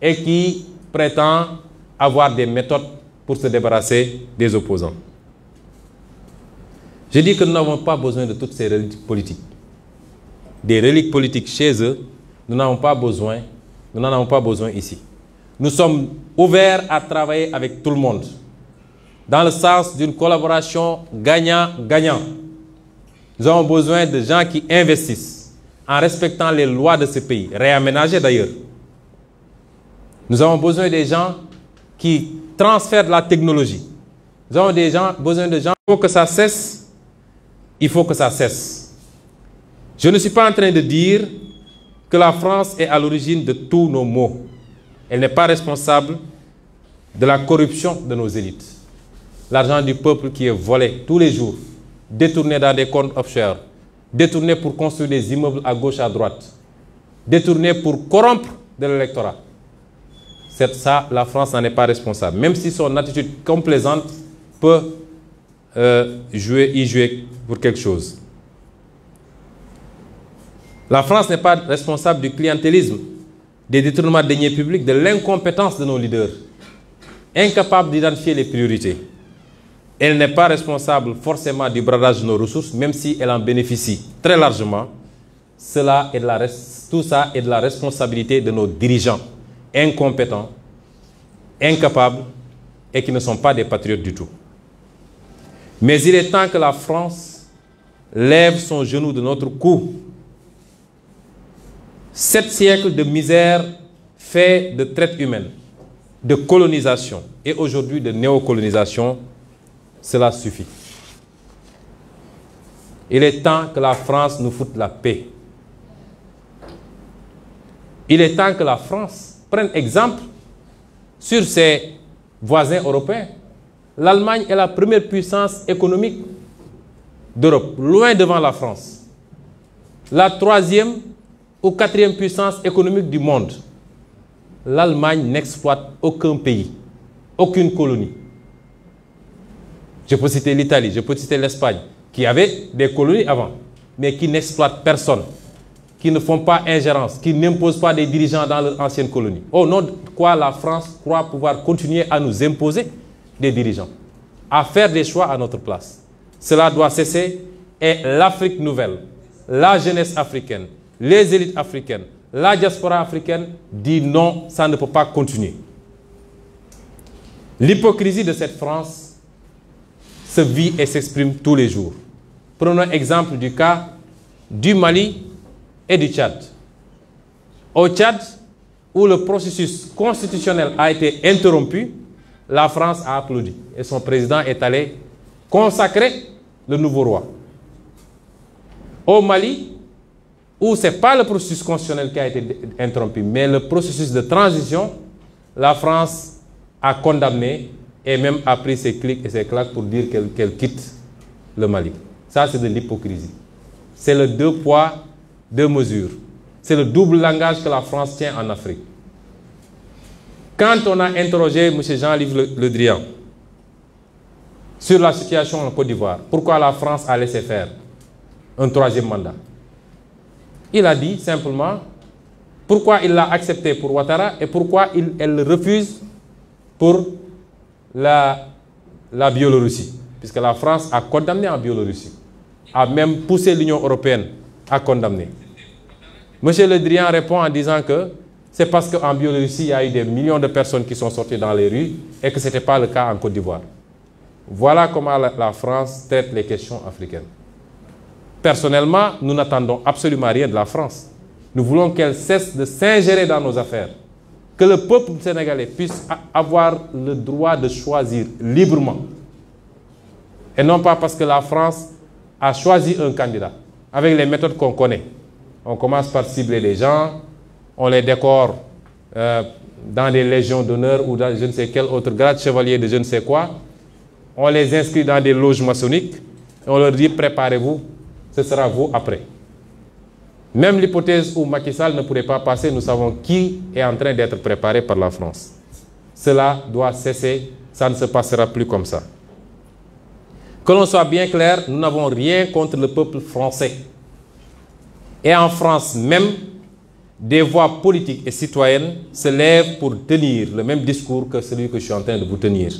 et qui prétend avoir des méthodes pour se débarrasser des opposants. Je dis que nous n'avons pas besoin de toutes ces reliques politiques. Des reliques politiques chez eux, nous n'en avons pas besoin. Nous n'en avons pas besoin ici. Nous sommes ouverts à travailler avec tout le monde dans le sens d'une collaboration gagnant-gagnant. Nous avons besoin de gens qui investissent en respectant les lois de ce pays, réaménagées d'ailleurs. Nous avons besoin des gens qui transfèrent la technologie. Nous avons besoin de gens. Il faut que ça cesse. Il faut que ça cesse. Je ne suis pas en train de dire que la France est à l'origine de tous nos maux. Elle n'est pas responsable de la corruption de nos élites. L'argent du peuple qui est volé tous les jours, détourné dans des comptes offshore, Détourner pour construire des immeubles à gauche, à droite, Détourner pour corrompre de l'électorat. C'est ça, la France n'en est pas responsable, même si son attitude complaisante peut euh, jouer, y jouer pour quelque chose. La France n'est pas responsable du clientélisme, des détournements de deniers publics, de l'incompétence de nos leaders, incapables d'identifier les priorités. Elle n'est pas responsable forcément du bradage de nos ressources, même si elle en bénéficie très largement. Cela est la, tout ça est de la responsabilité de nos dirigeants incompétents, incapables et qui ne sont pas des patriotes du tout. Mais il est temps que la France lève son genou de notre cou. Sept siècles de misère fait de traite humaine, de colonisation et aujourd'hui de néocolonisation cela suffit. Il est temps que la France nous foute la paix. Il est temps que la France prenne exemple sur ses voisins européens. L'Allemagne est la première puissance économique d'Europe, loin devant la France. La troisième ou quatrième puissance économique du monde. L'Allemagne n'exploite aucun pays, aucune colonie. Je peux citer l'Italie, je peux citer l'Espagne, qui avaient des colonies avant, mais qui n'exploitent personne, qui ne font pas ingérence, qui n'imposent pas des dirigeants dans leur ancienne colonie. Au nom de quoi la France croit pouvoir continuer à nous imposer des dirigeants, à faire des choix à notre place. Cela doit cesser et l'Afrique nouvelle, la jeunesse africaine, les élites africaines, la diaspora africaine dit non, ça ne peut pas continuer. L'hypocrisie de cette France se vit et s'exprime tous les jours. Prenons exemple du cas du Mali et du Tchad. Au Tchad, où le processus constitutionnel a été interrompu, la France a applaudi et son président est allé consacrer le nouveau roi. Au Mali, où ce n'est pas le processus constitutionnel qui a été interrompu, mais le processus de transition, la France a condamné et même a pris ses clics et ses claques pour dire qu'elle quitte le Mali. Ça, c'est de l'hypocrisie. C'est le deux poids, deux mesures. C'est le double langage que la France tient en Afrique. Quand on a interrogé M. Jean-Livre le, Drian sur la situation en Côte d'Ivoire, pourquoi la France a laissé faire un troisième mandat, il a dit simplement pourquoi il l'a accepté pour Ouattara et pourquoi il, elle refuse pour la, Biélorussie, puisque la France a condamné la Biélorussie, a même poussé l'Union européenne à condamner. Monsieur Le Drian répond en disant que c'est parce qu'en Biélorussie, il y a eu des millions de personnes qui sont sorties dans les rues et que ce n'était pas le cas en Côte d'Ivoire. Voilà comment la France traite les questions africaines. Personnellement, nous n'attendons absolument rien de la France. Nous voulons qu'elle cesse de s'ingérer dans nos affaires que le peuple sénégalais puisse avoir le droit de choisir librement. Et non pas parce que la France a choisi un candidat, avec les méthodes qu'on connaît. On commence par cibler les gens, on les décore euh, dans des légions d'honneur ou dans je ne sais quel autre grade, chevalier de je ne sais quoi. On les inscrit dans des loges maçonniques on leur dit préparez-vous, ce sera vous après. Même l'hypothèse où Macky Sall ne pourrait pas passer, nous savons qui est en train d'être préparé par la France. Cela doit cesser, ça ne se passera plus comme ça. Que l'on soit bien clair, nous n'avons rien contre le peuple français. Et en France même, des voix politiques et citoyennes se lèvent pour tenir le même discours que celui que je suis en train de vous tenir.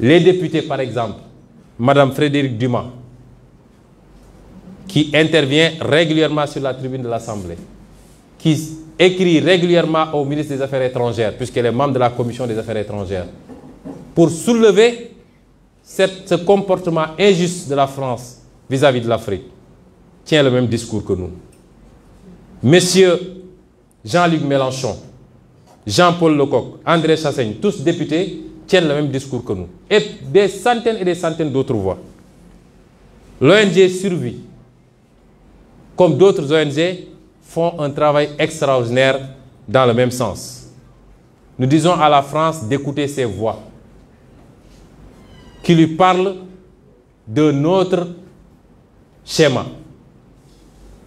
Les députés, par exemple, Madame Frédéric Dumas, qui intervient régulièrement sur la tribune de l'Assemblée, qui écrit régulièrement au ministre des Affaires étrangères, puisqu'elle est membre de la Commission des Affaires étrangères, pour soulever ce comportement injuste de la France vis-à-vis de l'Afrique, tient le même discours que nous. Monsieur Jean-Luc Mélenchon, Jean-Paul Lecoq, André Chassaigne, tous députés, tiennent le même discours que nous. Et des centaines et des centaines d'autres voix. L'ONG survit comme d'autres ONG, font un travail extraordinaire dans le même sens. Nous disons à la France d'écouter ses voix, qui lui parlent de notre schéma,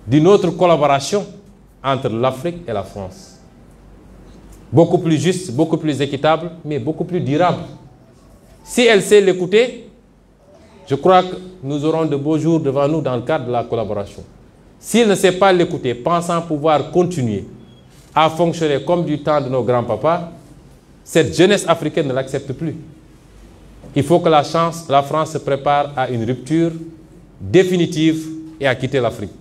d'une autre collaboration entre l'Afrique et la France. Beaucoup plus juste, beaucoup plus équitable, mais beaucoup plus durable. Si elle sait l'écouter, je crois que nous aurons de beaux jours devant nous dans le cadre de la collaboration. S'il ne sait pas l'écouter, pensant pouvoir continuer à fonctionner comme du temps de nos grands-papas, cette jeunesse africaine ne l'accepte plus. Il faut que la, chance, la France se prépare à une rupture définitive et à quitter l'Afrique.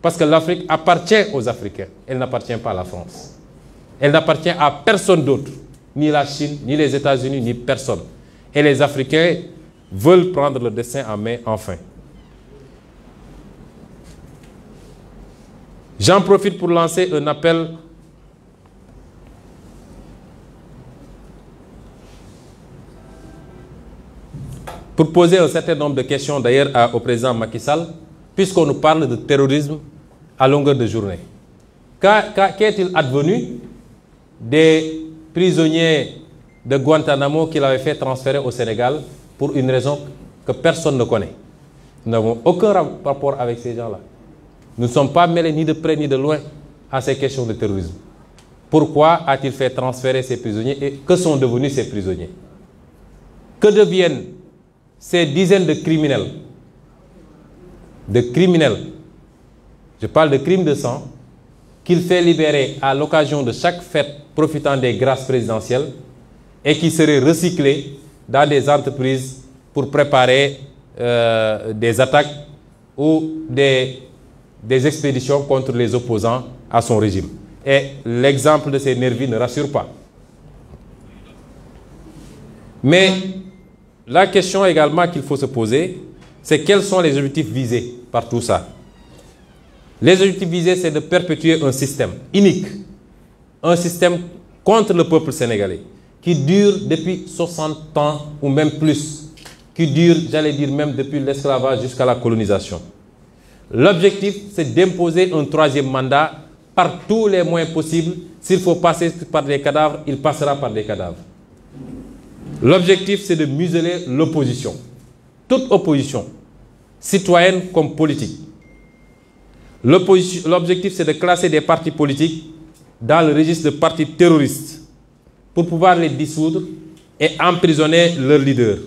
Parce que l'Afrique appartient aux Africains, elle n'appartient pas à la France. Elle n'appartient à personne d'autre, ni la Chine, ni les États-Unis, ni personne. Et les Africains veulent prendre le dessin en main enfin. J'en profite pour lancer un appel pour poser un certain nombre de questions d'ailleurs au président Macky Sall, puisqu'on nous parle de terrorisme à longueur de journée. Qu'est-il advenu des prisonniers de Guantanamo qu'il avait fait transférer au Sénégal pour une raison que personne ne connaît Nous n'avons aucun rapport avec ces gens-là. Nous ne sommes pas mêlés ni de près ni de loin à ces questions de terrorisme. Pourquoi a-t-il fait transférer ces prisonniers et que sont devenus ces prisonniers Que deviennent ces dizaines de criminels De criminels, je parle de crimes de sang, qu'il fait libérer à l'occasion de chaque fête profitant des grâces présidentielles et qui seraient recyclés dans des entreprises pour préparer euh, des attaques ou des des expéditions contre les opposants à son régime. Et l'exemple de ces nervis ne rassure pas. Mais la question également qu'il faut se poser, c'est quels sont les objectifs visés par tout ça. Les objectifs visés, c'est de perpétuer un système unique, un système contre le peuple sénégalais, qui dure depuis 60 ans ou même plus, qui dure, j'allais dire, même depuis l'esclavage jusqu'à la colonisation. L'objectif, c'est d'imposer un troisième mandat par tous les moyens possibles. S'il faut passer par des cadavres, il passera par des cadavres. L'objectif, c'est de museler l'opposition. Toute opposition, citoyenne comme politique. L'objectif, c'est de classer des partis politiques dans le registre de partis terroristes pour pouvoir les dissoudre et emprisonner leurs leaders.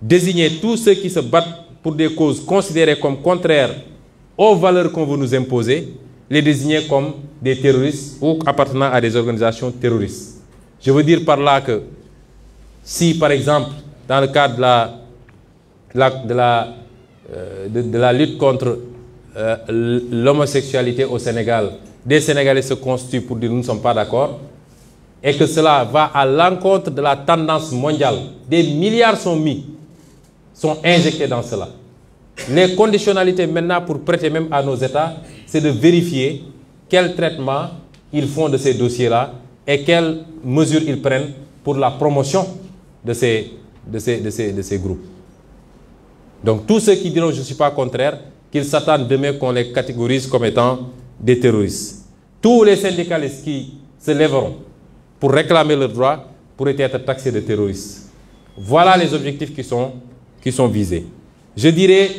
Désigner tous ceux qui se battent pour des causes considérées comme contraires aux valeurs qu'on veut nous imposer, les désigner comme des terroristes ou appartenant à des organisations terroristes. Je veux dire par là que si, par exemple, dans le cadre de la, de la, euh, lutte contre euh, l'homosexualité au Sénégal, des Sénégalais se constituent pour dire nous ne sommes pas d'accord, et que cela va à l'encontre de la tendance mondiale, des milliards sont mis, sont injectés dans cela. Les conditionnalités maintenant pour prêter même à nos États, c'est de vérifier quel traitement ils font de ces dossiers-là et quelles mesures ils prennent pour la promotion de ces, groupes. Donc tous ceux qui diront je ne suis pas contraire, qu'ils s'attendent demain qu'on les catégorise comme étant des terroristes. Tous les syndicalistes qui se lèveront pour réclamer leurs droits pourraient être taxés de terroristes. Voilà les objectifs qui sont visés. Je dirais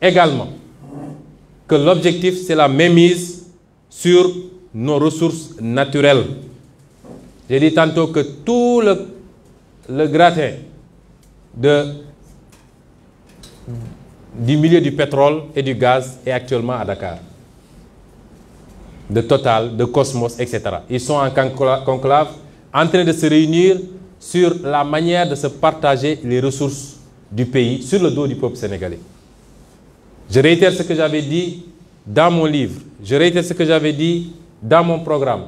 également que l'objectif, c'est la mise sur nos ressources naturelles. J'ai dit tantôt que tout le, le gratin du milieu du pétrole et du gaz est actuellement à Dakar. De Total, de Cosmos, etc. Ils sont en conclave en train de se réunir sur la manière de se partager les ressources du pays sur le dos du peuple sénégalais. Je réitère ce que j'avais dit dans mon livre, je réitère ce que j'avais dit dans mon programme.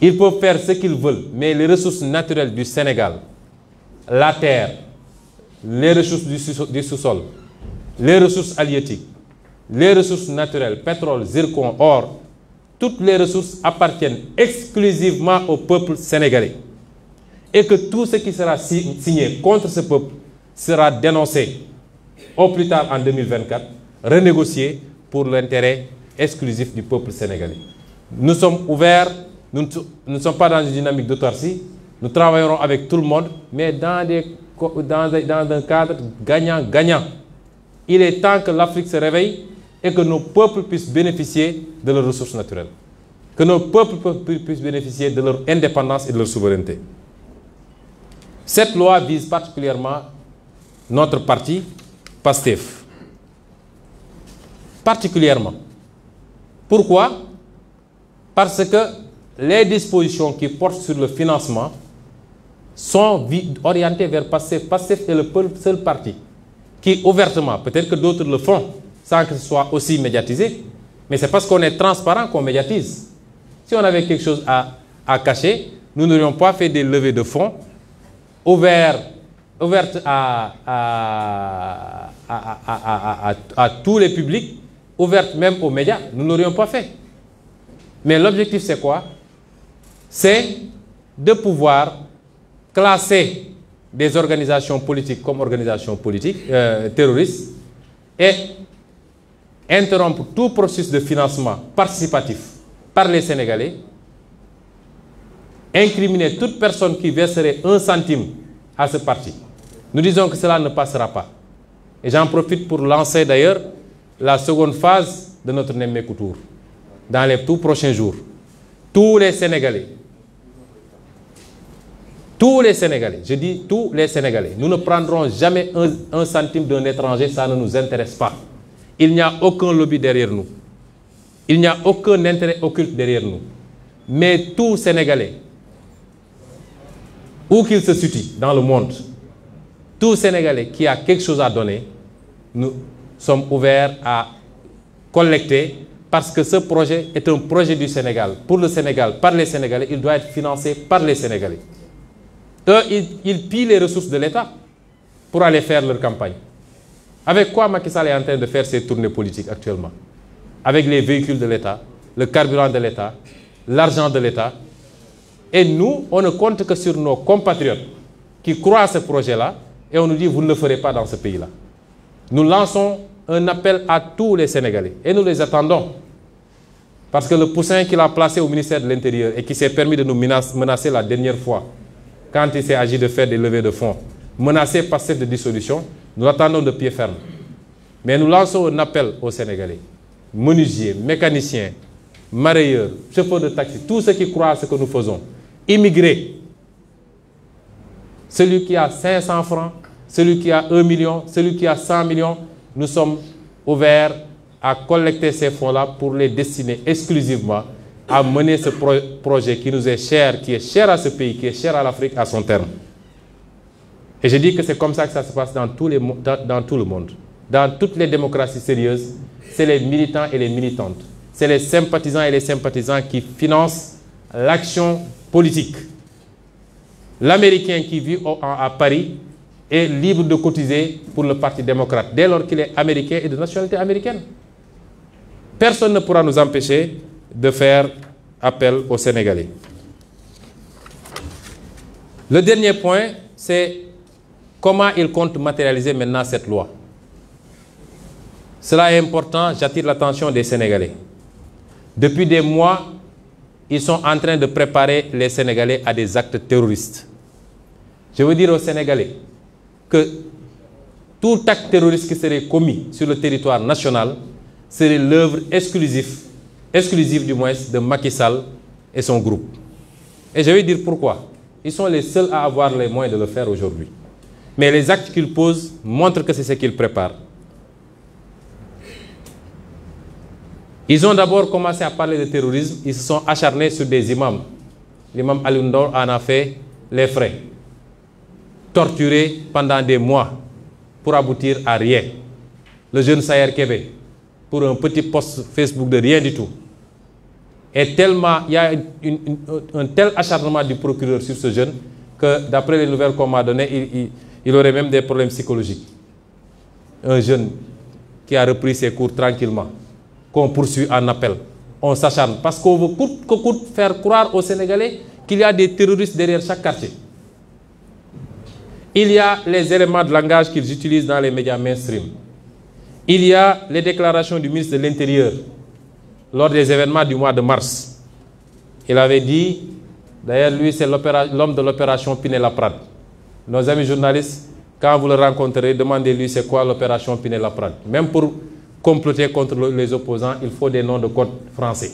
Ils peuvent faire ce qu'ils veulent, mais les ressources naturelles du Sénégal, la terre, les ressources du sous-sol, les ressources halieutiques, les ressources naturelles, pétrole, zircon, or, toutes les ressources appartiennent exclusivement au peuple sénégalais et que tout ce qui sera signé contre ce peuple sera dénoncé au plus tard en 2024, renégocié pour l'intérêt exclusif du peuple sénégalais. Nous sommes ouverts, nous ne sommes pas dans une dynamique d'autarcie, nous travaillerons avec tout le monde, mais dans, dans un cadre gagnant-gagnant. Il est temps que l'Afrique se réveille et que nos peuples puissent bénéficier de leurs ressources naturelles, que nos peuples puissent bénéficier de leur indépendance et de leur souveraineté. Cette loi vise particulièrement notre parti, PASTEF. Particulièrement. Pourquoi Parce que les dispositions qui portent sur le financement sont orientées vers PASTEF. PASTEF est le seul parti qui, ouvertement, peut-être que d'autres le font sans que ce soit aussi médiatisé, mais c'est parce qu'on est transparent qu'on médiatise. Si on avait quelque chose à, à cacher, nous n'aurions pas fait des levées de fonds ouverte à, tous les publics, ouverte même aux médias, nous n'aurions pas fait. Mais l'objectif, c'est quoi C'est de pouvoir classer des organisations politiques comme organisations politiques, euh, terroristes, et interrompre tout processus de financement participatif par les Sénégalais incriminer toute personne qui verserait un centime à ce parti. Nous disons que cela ne passera pas. Et j'en profite pour lancer d'ailleurs la seconde phase de notre Némé Couture dans les tout prochains jours. Tous les Sénégalais, tous les Sénégalais, je dis tous les Sénégalais, nous ne prendrons jamais un, centime d'un étranger, ça ne nous intéresse pas. Il n'y a aucun lobby derrière nous. Il n'y a aucun intérêt occulte derrière nous. Mais tous Sénégalais, où qu'il se situe dans le monde, tout Sénégalais qui a quelque chose à donner, nous sommes ouverts à collecter parce que ce projet est un projet du Sénégal. Pour le Sénégal, par les Sénégalais, il doit être financé par les Sénégalais. Eux, ils, pillent les ressources de l'État pour aller faire leur campagne. Avec quoi Macky Sall est en train de faire ses tournées politiques actuellement Avec les véhicules de l'État, le carburant de l'État, l'argent de l'État, et nous, on ne compte que sur nos compatriotes qui croient à ce projet-là et on nous dit, vous ne le ferez pas dans ce pays-là. Nous lançons un appel à tous les Sénégalais et nous les attendons. Parce que le poussin qu'il a placé au ministère de l'Intérieur et qui s'est permis de nous menacer la dernière fois, quand il s'est agi de faire des levées de fonds, menacé par cette dissolution, nous l'attendons de pied ferme. Mais nous lançons un appel aux Sénégalais, menuisiers, mécaniciens, marailleurs, chauffeurs de taxi, tous ceux qui croient à ce que nous faisons, Immigrer. Celui qui a 500 francs, celui qui a 1 million, celui qui a 100 millions, nous sommes ouverts à collecter ces fonds-là pour les destiner exclusivement à mener ce projet qui nous est cher, qui est cher à ce pays, qui est cher à l'Afrique à son terme. Et je dis que c'est comme ça que ça se passe dans, les, dans tout le monde. Dans toutes les démocraties sérieuses, c'est les militants et les militantes. C'est les sympathisants et les sympathisants qui financent l'action politique. L'Américain qui vit à Paris est libre de cotiser pour le Parti démocrate, dès lors qu'il est américain et de nationalité américaine. Personne ne pourra nous empêcher de faire appel aux Sénégalais. Le dernier point, c'est comment ils comptent matérialiser maintenant cette loi. Cela est important, j'attire l'attention des Sénégalais. Depuis des mois, ils sont en train de préparer les Sénégalais à des actes terroristes. Je veux dire aux Sénégalais que tout acte terroriste qui serait commis sur le territoire national serait l'œuvre exclusive, exclusive du moins de Macky Sall et son groupe. Et je vais dire pourquoi. Ils sont les seuls à avoir les moyens de le faire aujourd'hui. Mais les actes qu'ils posent montrent que c'est ce qu'ils préparent. Ils ont d'abord commencé à parler de terrorisme, ils se sont acharnés sur des imams. L'imam Al-Undor en a fait les frais. Torturé pendant des mois pour aboutir à rien. Le jeune Sayer Québec, pour un petit post Facebook de rien du tout. Et tellement, il y a un tel acharnement du procureur sur ce jeune que, d'après les nouvelles qu'on m'a données, il aurait même des problèmes psychologiques. Un jeune qui a repris ses cours tranquillement qu'on poursuit en appel. On s'acharne parce qu'on veut coûte faire croire aux Sénégalais qu'il y a des terroristes derrière chaque quartier. Il y a les éléments de langage qu'ils utilisent dans les médias mainstream. Il y a les déclarations du ministre de l'Intérieur lors des événements du mois de mars. Il avait dit, d'ailleurs lui c'est l'homme de l'opération Pinelaprade. Nos amis journalistes, quand vous le rencontrez, demandez-lui c'est quoi l'opération Pinelaprade. Même pour comploter contre les opposants, il faut des noms de code français.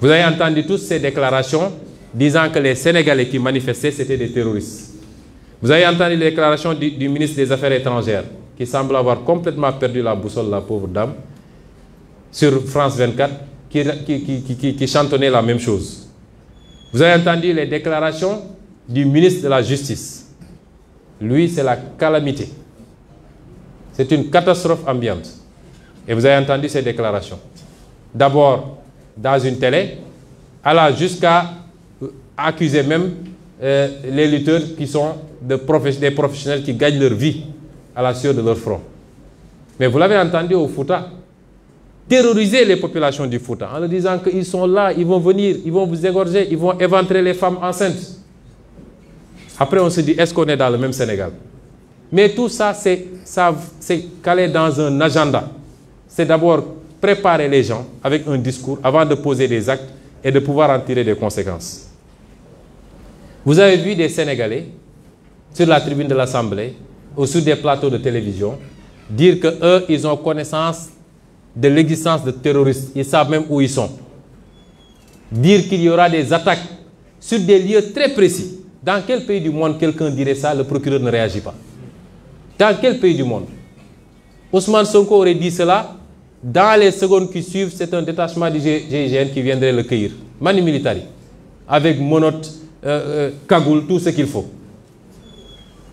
Vous avez entendu toutes ces déclarations disant que les Sénégalais qui manifestaient, c'était des terroristes. Vous avez entendu les déclarations du, ministre des Affaires étrangères, qui semble avoir complètement perdu la boussole, la pauvre dame, sur France 24, qui chantonnait la même chose. Vous avez entendu les déclarations du ministre de la Justice. Lui, c'est la calamité. C'est une catastrophe ambiante. Et vous avez entendu ces déclarations. D'abord, dans une télé, alors jusqu'à euh, accuser même euh, les lutteurs qui sont de des professionnels qui gagnent leur vie à la sueur de leur front. Mais vous l'avez entendu au Fouta, terroriser les populations du Fouta en leur disant qu'ils sont là, ils vont venir, ils vont vous égorger, ils vont éventrer les femmes enceintes. Après, on se dit, est-ce qu'on est dans le même Sénégal mais tout ça, c'est calé dans un agenda. C'est d'abord préparer les gens avec un discours avant de poser des actes et de pouvoir en tirer des conséquences. Vous avez vu des Sénégalais sur la tribune de l'Assemblée ou sur des plateaux de télévision dire que eux, ils ont connaissance de l'existence de terroristes. Ils savent même où ils sont. Dire qu'il y aura des attaques sur des lieux très précis. Dans quel pays du monde quelqu'un dirait ça, le procureur ne réagit pas. Dans quel pays du monde Ousmane Sonko aurait dit cela. Dans les secondes qui suivent, c'est un détachement du GIGN qui viendrait le cueillir. Manu Militari. Avec monote, cagoule, euh, euh, tout ce qu'il faut.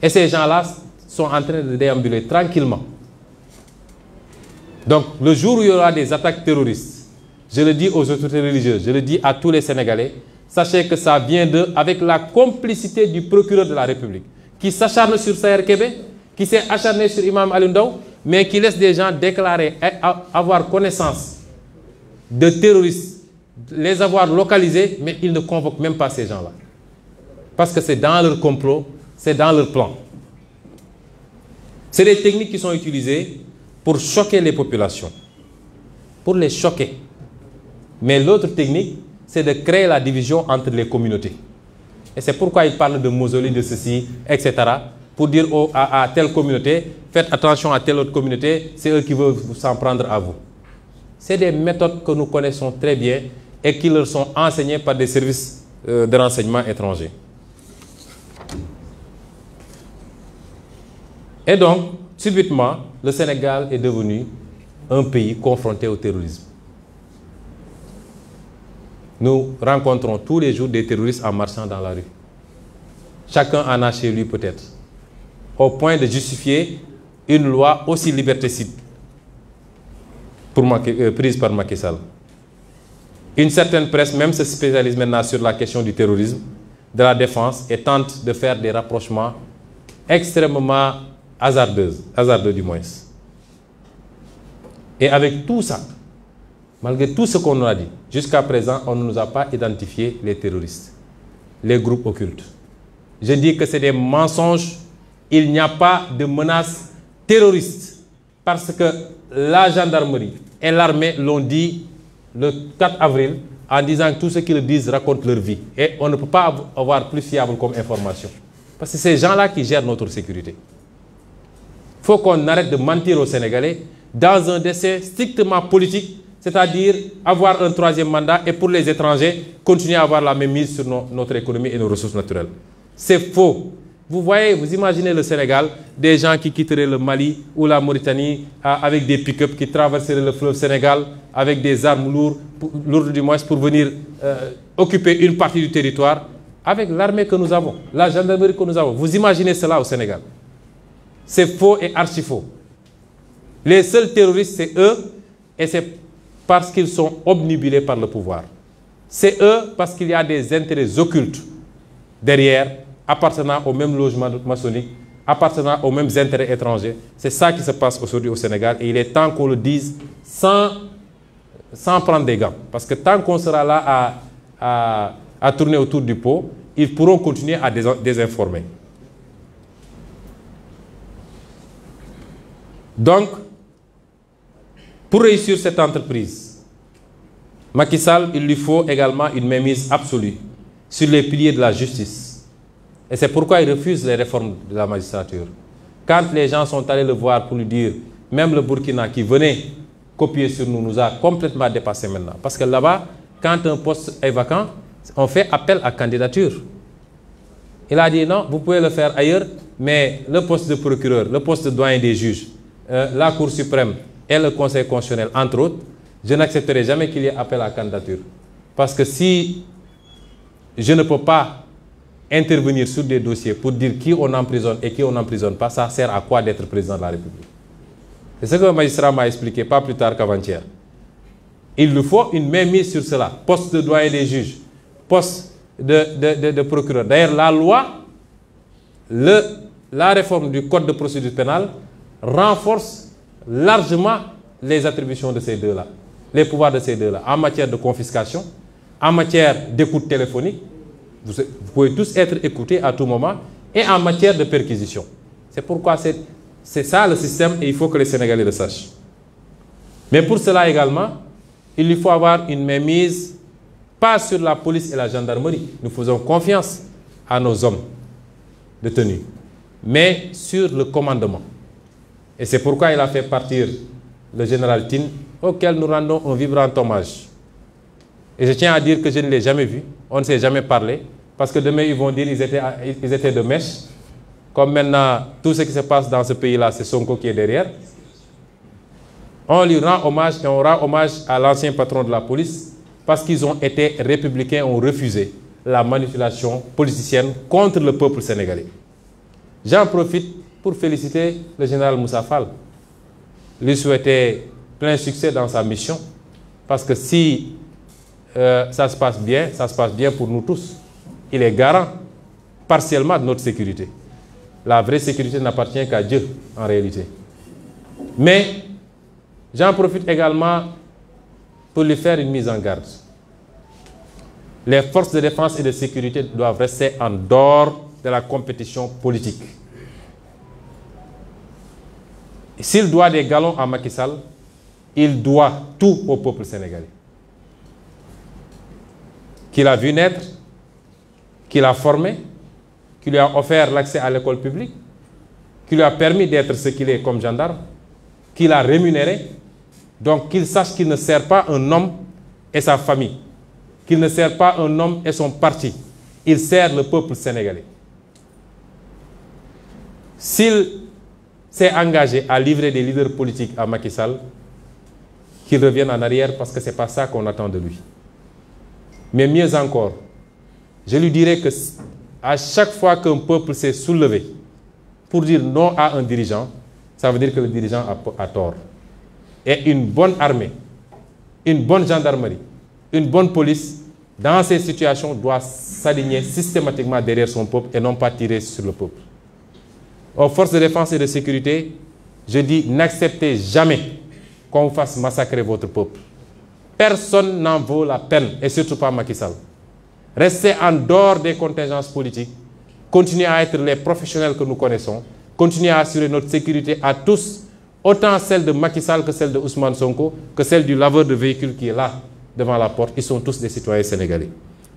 Et ces gens-là sont en train de déambuler tranquillement. Donc, le jour où il y aura des attaques terroristes, je le dis aux autorités religieuses, je le dis à tous les Sénégalais, sachez que ça vient de, avec la complicité du procureur de la République, qui s'acharne sur Sayer Québec, qui s'est acharné sur Imam Alundaou, mais qui laisse des gens déclarer avoir connaissance de terroristes, les avoir localisés, mais ils ne convoquent même pas ces gens-là. Parce que c'est dans leur complot, c'est dans leur plan. C'est des techniques qui sont utilisées pour choquer les populations, pour les choquer. Mais l'autre technique, c'est de créer la division entre les communautés. Et c'est pourquoi ils parlent de mausolée, de ceci, etc pour dire à, telle communauté, faites attention à telle autre communauté, c'est eux qui veulent s'en prendre à vous. C'est des méthodes que nous connaissons très bien et qui leur sont enseignées par des services euh, de renseignement étrangers. Et donc, subitement, le Sénégal est devenu un pays confronté au terrorisme. Nous rencontrons tous les jours des terroristes en marchant dans la rue. Chacun en a chez lui peut-être au point de justifier une loi aussi liberticide pour euh, prise par Macky Sall. Une certaine presse même se spécialise maintenant sur la question du terrorisme, de la défense et tente de faire des rapprochements extrêmement hasardeux, hasardeux du moins. Et avec tout ça, malgré tout ce qu'on nous a dit, jusqu'à présent, on ne nous a pas identifié les terroristes, les groupes occultes. Je dis que c'est des mensonges il n'y a pas de menace terroriste parce que la gendarmerie et l'armée l'ont dit le 4 avril en disant que tout ce qu'ils disent racontent leur vie. Et on ne peut pas avoir plus fiable comme information. Parce que c'est ces gens-là qui gèrent notre sécurité. Il faut qu'on arrête de mentir aux Sénégalais dans un décès strictement politique, c'est-à-dire avoir un troisième mandat et pour les étrangers, continuer à avoir la même mise sur notre économie et nos ressources naturelles. C'est faux. Vous voyez, vous imaginez le Sénégal, des gens qui quitteraient le Mali ou la Mauritanie ah, avec des pick-up qui traverseraient le fleuve Sénégal avec des armes lourdes, lourdes du moins, pour venir euh, occuper une partie du territoire avec l'armée que nous avons, la gendarmerie que nous avons. Vous imaginez cela au Sénégal. C'est faux et archi-faux. Les seuls terroristes, c'est eux, et c'est parce qu'ils sont obnubilés par le pouvoir. C'est eux parce qu'il y a des intérêts occultes derrière appartenant au même logement maçonnique, appartenant aux mêmes intérêts étrangers. C'est ça qui se passe aujourd'hui au Sénégal et il est temps qu'on le dise sans, prendre des gants. Parce que tant qu'on sera là à, tourner autour du pot, ils pourront continuer à désinformer. Donc, pour réussir cette entreprise, Macky Sall, il lui faut également une mainmise absolue sur les piliers de la justice, et c'est pourquoi il refuse les réformes de la magistrature. Quand les gens sont allés le voir pour lui dire, même le Burkina qui venait copier sur nous, nous a complètement dépassé maintenant. Parce que là-bas, quand un poste est vacant, on fait appel à candidature. Il a dit non, vous pouvez le faire ailleurs, mais le poste de procureur, le poste de doyen des juges, euh, la Cour suprême et le Conseil constitutionnel, entre autres, je n'accepterai jamais qu'il y ait appel à candidature. Parce que si je ne peux pas intervenir sur des dossiers pour dire qui on emprisonne et qui on n'emprisonne pas, ça sert à quoi d'être président de la République C'est ce que le magistrat m'a expliqué pas plus tard qu'avant-hier. Il lui faut une mainmise sur cela. Poste de doyen des juges, poste de, procureur. D'ailleurs, la loi, le, la réforme du code de procédure pénale renforce largement les attributions de ces deux-là, les pouvoirs de ces deux-là, en matière de confiscation, en matière d'écoute téléphonique, vous, pouvez tous être écoutés à tout moment et en matière de perquisition. C'est pourquoi c'est ça le système et il faut que les Sénégalais le sachent. Mais pour cela également, il faut avoir une mainmise, pas sur la police et la gendarmerie. Nous faisons confiance à nos hommes de tenue, mais sur le commandement. Et c'est pourquoi il a fait partir le général Tin, auquel nous rendons un vibrant hommage. Et je tiens à dire que je ne l'ai jamais vu, on ne s'est jamais parlé, parce que demain, ils vont dire qu'ils étaient, ils étaient de mèche. Comme maintenant, tout ce qui se passe dans ce pays-là, c'est Sonko qui est derrière. On lui rend hommage et on rend hommage à l'ancien patron de la police parce qu'ils ont été républicains, ont refusé la manipulation politicienne contre le peuple sénégalais. J'en profite pour féliciter le général Moussa Fall, lui souhaiter plein succès dans sa mission, parce que si euh, ça se passe bien, ça se passe bien pour nous tous il est garant partiellement de notre sécurité. La vraie sécurité n'appartient qu'à Dieu en réalité. Mais j'en profite également pour lui faire une mise en garde. Les forces de défense et de sécurité doivent rester en dehors de la compétition politique. S'il doit des galons à Macky Sall, il doit tout au peuple sénégalais. Qu'il a vu naître, qui l'a formé, qui lui a offert l'accès à l'école publique, qui lui a permis d'être ce qu'il est comme gendarme, qui l'a rémunéré. Donc qu'il sache qu'il ne sert pas un homme et sa famille, qu'il ne sert pas un homme et son parti, il sert le peuple sénégalais. S'il s'est engagé à livrer des leaders politiques à Macky Sall, qu'il revienne en arrière parce que ce n'est pas ça qu'on attend de lui. Mais mieux encore, je lui dirais que à chaque fois qu'un peuple s'est soulevé pour dire non à un dirigeant, ça veut dire que le dirigeant a, tort. Et une bonne armée, une bonne gendarmerie, une bonne police, dans ces situations, doit s'aligner systématiquement derrière son peuple et non pas tirer sur le peuple. Aux forces de défense et de sécurité, je dis n'acceptez jamais qu'on fasse massacrer votre peuple. Personne n'en vaut la peine, et surtout pas Macky Sall. Restez en dehors des contingences politiques, continuez à être les professionnels que nous connaissons, continuez à assurer notre sécurité à tous, autant celle de Macky Sall que celle de Ousmane Sonko, que celle du laveur de véhicules qui est là, devant la porte. qui sont tous des citoyens sénégalais.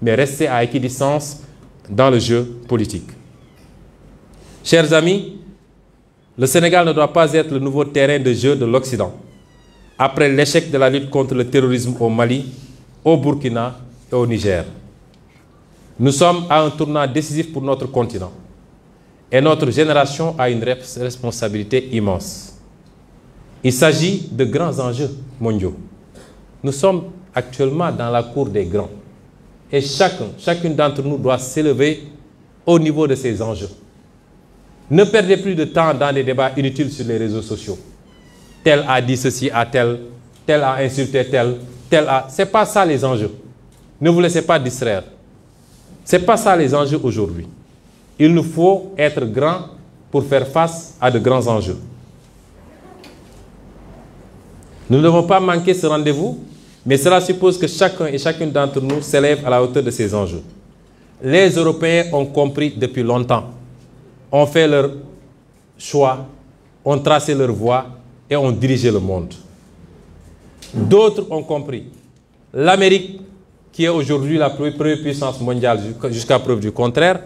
Mais restez à équidistance dans le jeu politique. Chers amis, le Sénégal ne doit pas être le nouveau terrain de jeu de l'Occident. Après l'échec de la lutte contre le terrorisme au Mali, au Burkina et au Niger. Nous sommes à un tournant décisif pour notre continent. Et notre génération a une responsabilité immense. Il s'agit de grands enjeux mondiaux. Nous sommes actuellement dans la cour des grands. Et chacun, chacune d'entre nous doit s'élever au niveau de ces enjeux. Ne perdez plus de temps dans les débats inutiles sur les réseaux sociaux. Tel a dit ceci à tel, tel a insulté tel, tel a... Ce n'est pas ça les enjeux. Ne vous laissez pas distraire. Ce n'est pas ça les enjeux aujourd'hui. Il nous faut être grands pour faire face à de grands enjeux. Nous ne devons pas manquer ce rendez-vous, mais cela suppose que chacun et chacune d'entre nous s'élève à la hauteur de ces enjeux. Les Européens ont compris depuis longtemps, ont fait leur choix, ont tracé leur voie et ont dirigé le monde. D'autres ont compris. L'Amérique qui est aujourd'hui la première puissance mondiale jusqu'à preuve du contraire,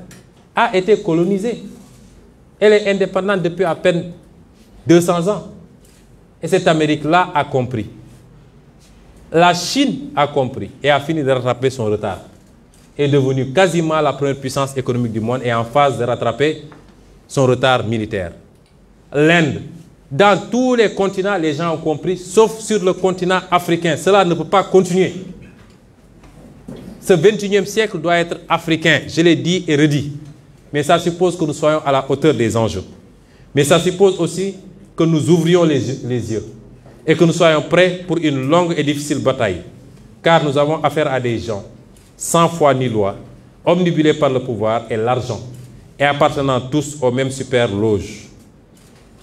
a été colonisée. Elle est indépendante depuis à peine 200 ans. Et cette Amérique-là a compris. La Chine a compris et a fini de rattraper son retard. Est devenue quasiment la première puissance économique du monde et en phase de rattraper son retard militaire. L'Inde, dans tous les continents, les gens ont compris, sauf sur le continent africain. Cela ne peut pas continuer. Ce 21e siècle doit être africain, je l'ai dit et redit. Mais ça suppose que nous soyons à la hauteur des enjeux. Mais ça suppose aussi que nous ouvrions les, yeux et que nous soyons prêts pour une longue et difficile bataille. Car nous avons affaire à des gens sans foi ni loi, omnibulés par le pouvoir et l'argent, et appartenant tous aux mêmes super loges.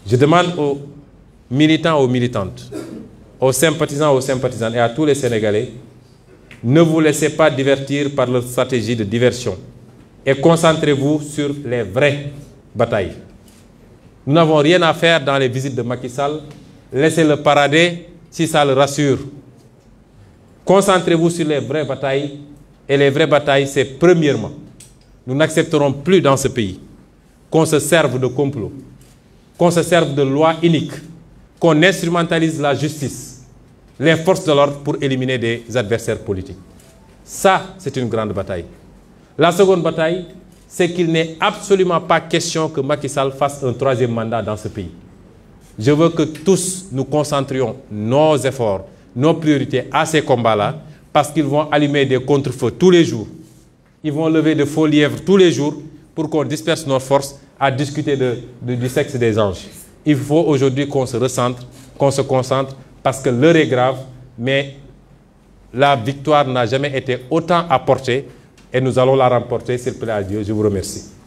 Je demande aux militants, aux militantes, aux sympathisants, aux sympathisantes et à tous les Sénégalais ne vous laissez pas divertir par leur stratégie de diversion et concentrez-vous sur les vraies batailles. Nous n'avons rien à faire dans les visites de Macky Sall. Laissez-le parader si ça le rassure. Concentrez-vous sur les vraies batailles. Et les vraies batailles, c'est premièrement, nous n'accepterons plus dans ce pays qu'on se serve de complot, qu'on se serve de lois uniques, qu'on instrumentalise la justice, les forces de l'ordre pour éliminer des adversaires politiques. Ça, c'est une grande bataille. La seconde bataille, c'est qu'il n'est absolument pas question que Macky Sall fasse un troisième mandat dans ce pays. Je veux que tous nous concentrions nos efforts, nos priorités à ces combats-là, parce qu'ils vont allumer des contre-feux tous les jours. Ils vont lever de faux lièvres tous les jours pour qu'on disperse nos forces à discuter de, du sexe des anges. Il faut aujourd'hui qu'on se recentre, qu'on se concentre parce que l'heure est grave, mais la victoire n'a jamais été autant apportée et nous allons la remporter, s'il plaît à Dieu. Je vous remercie.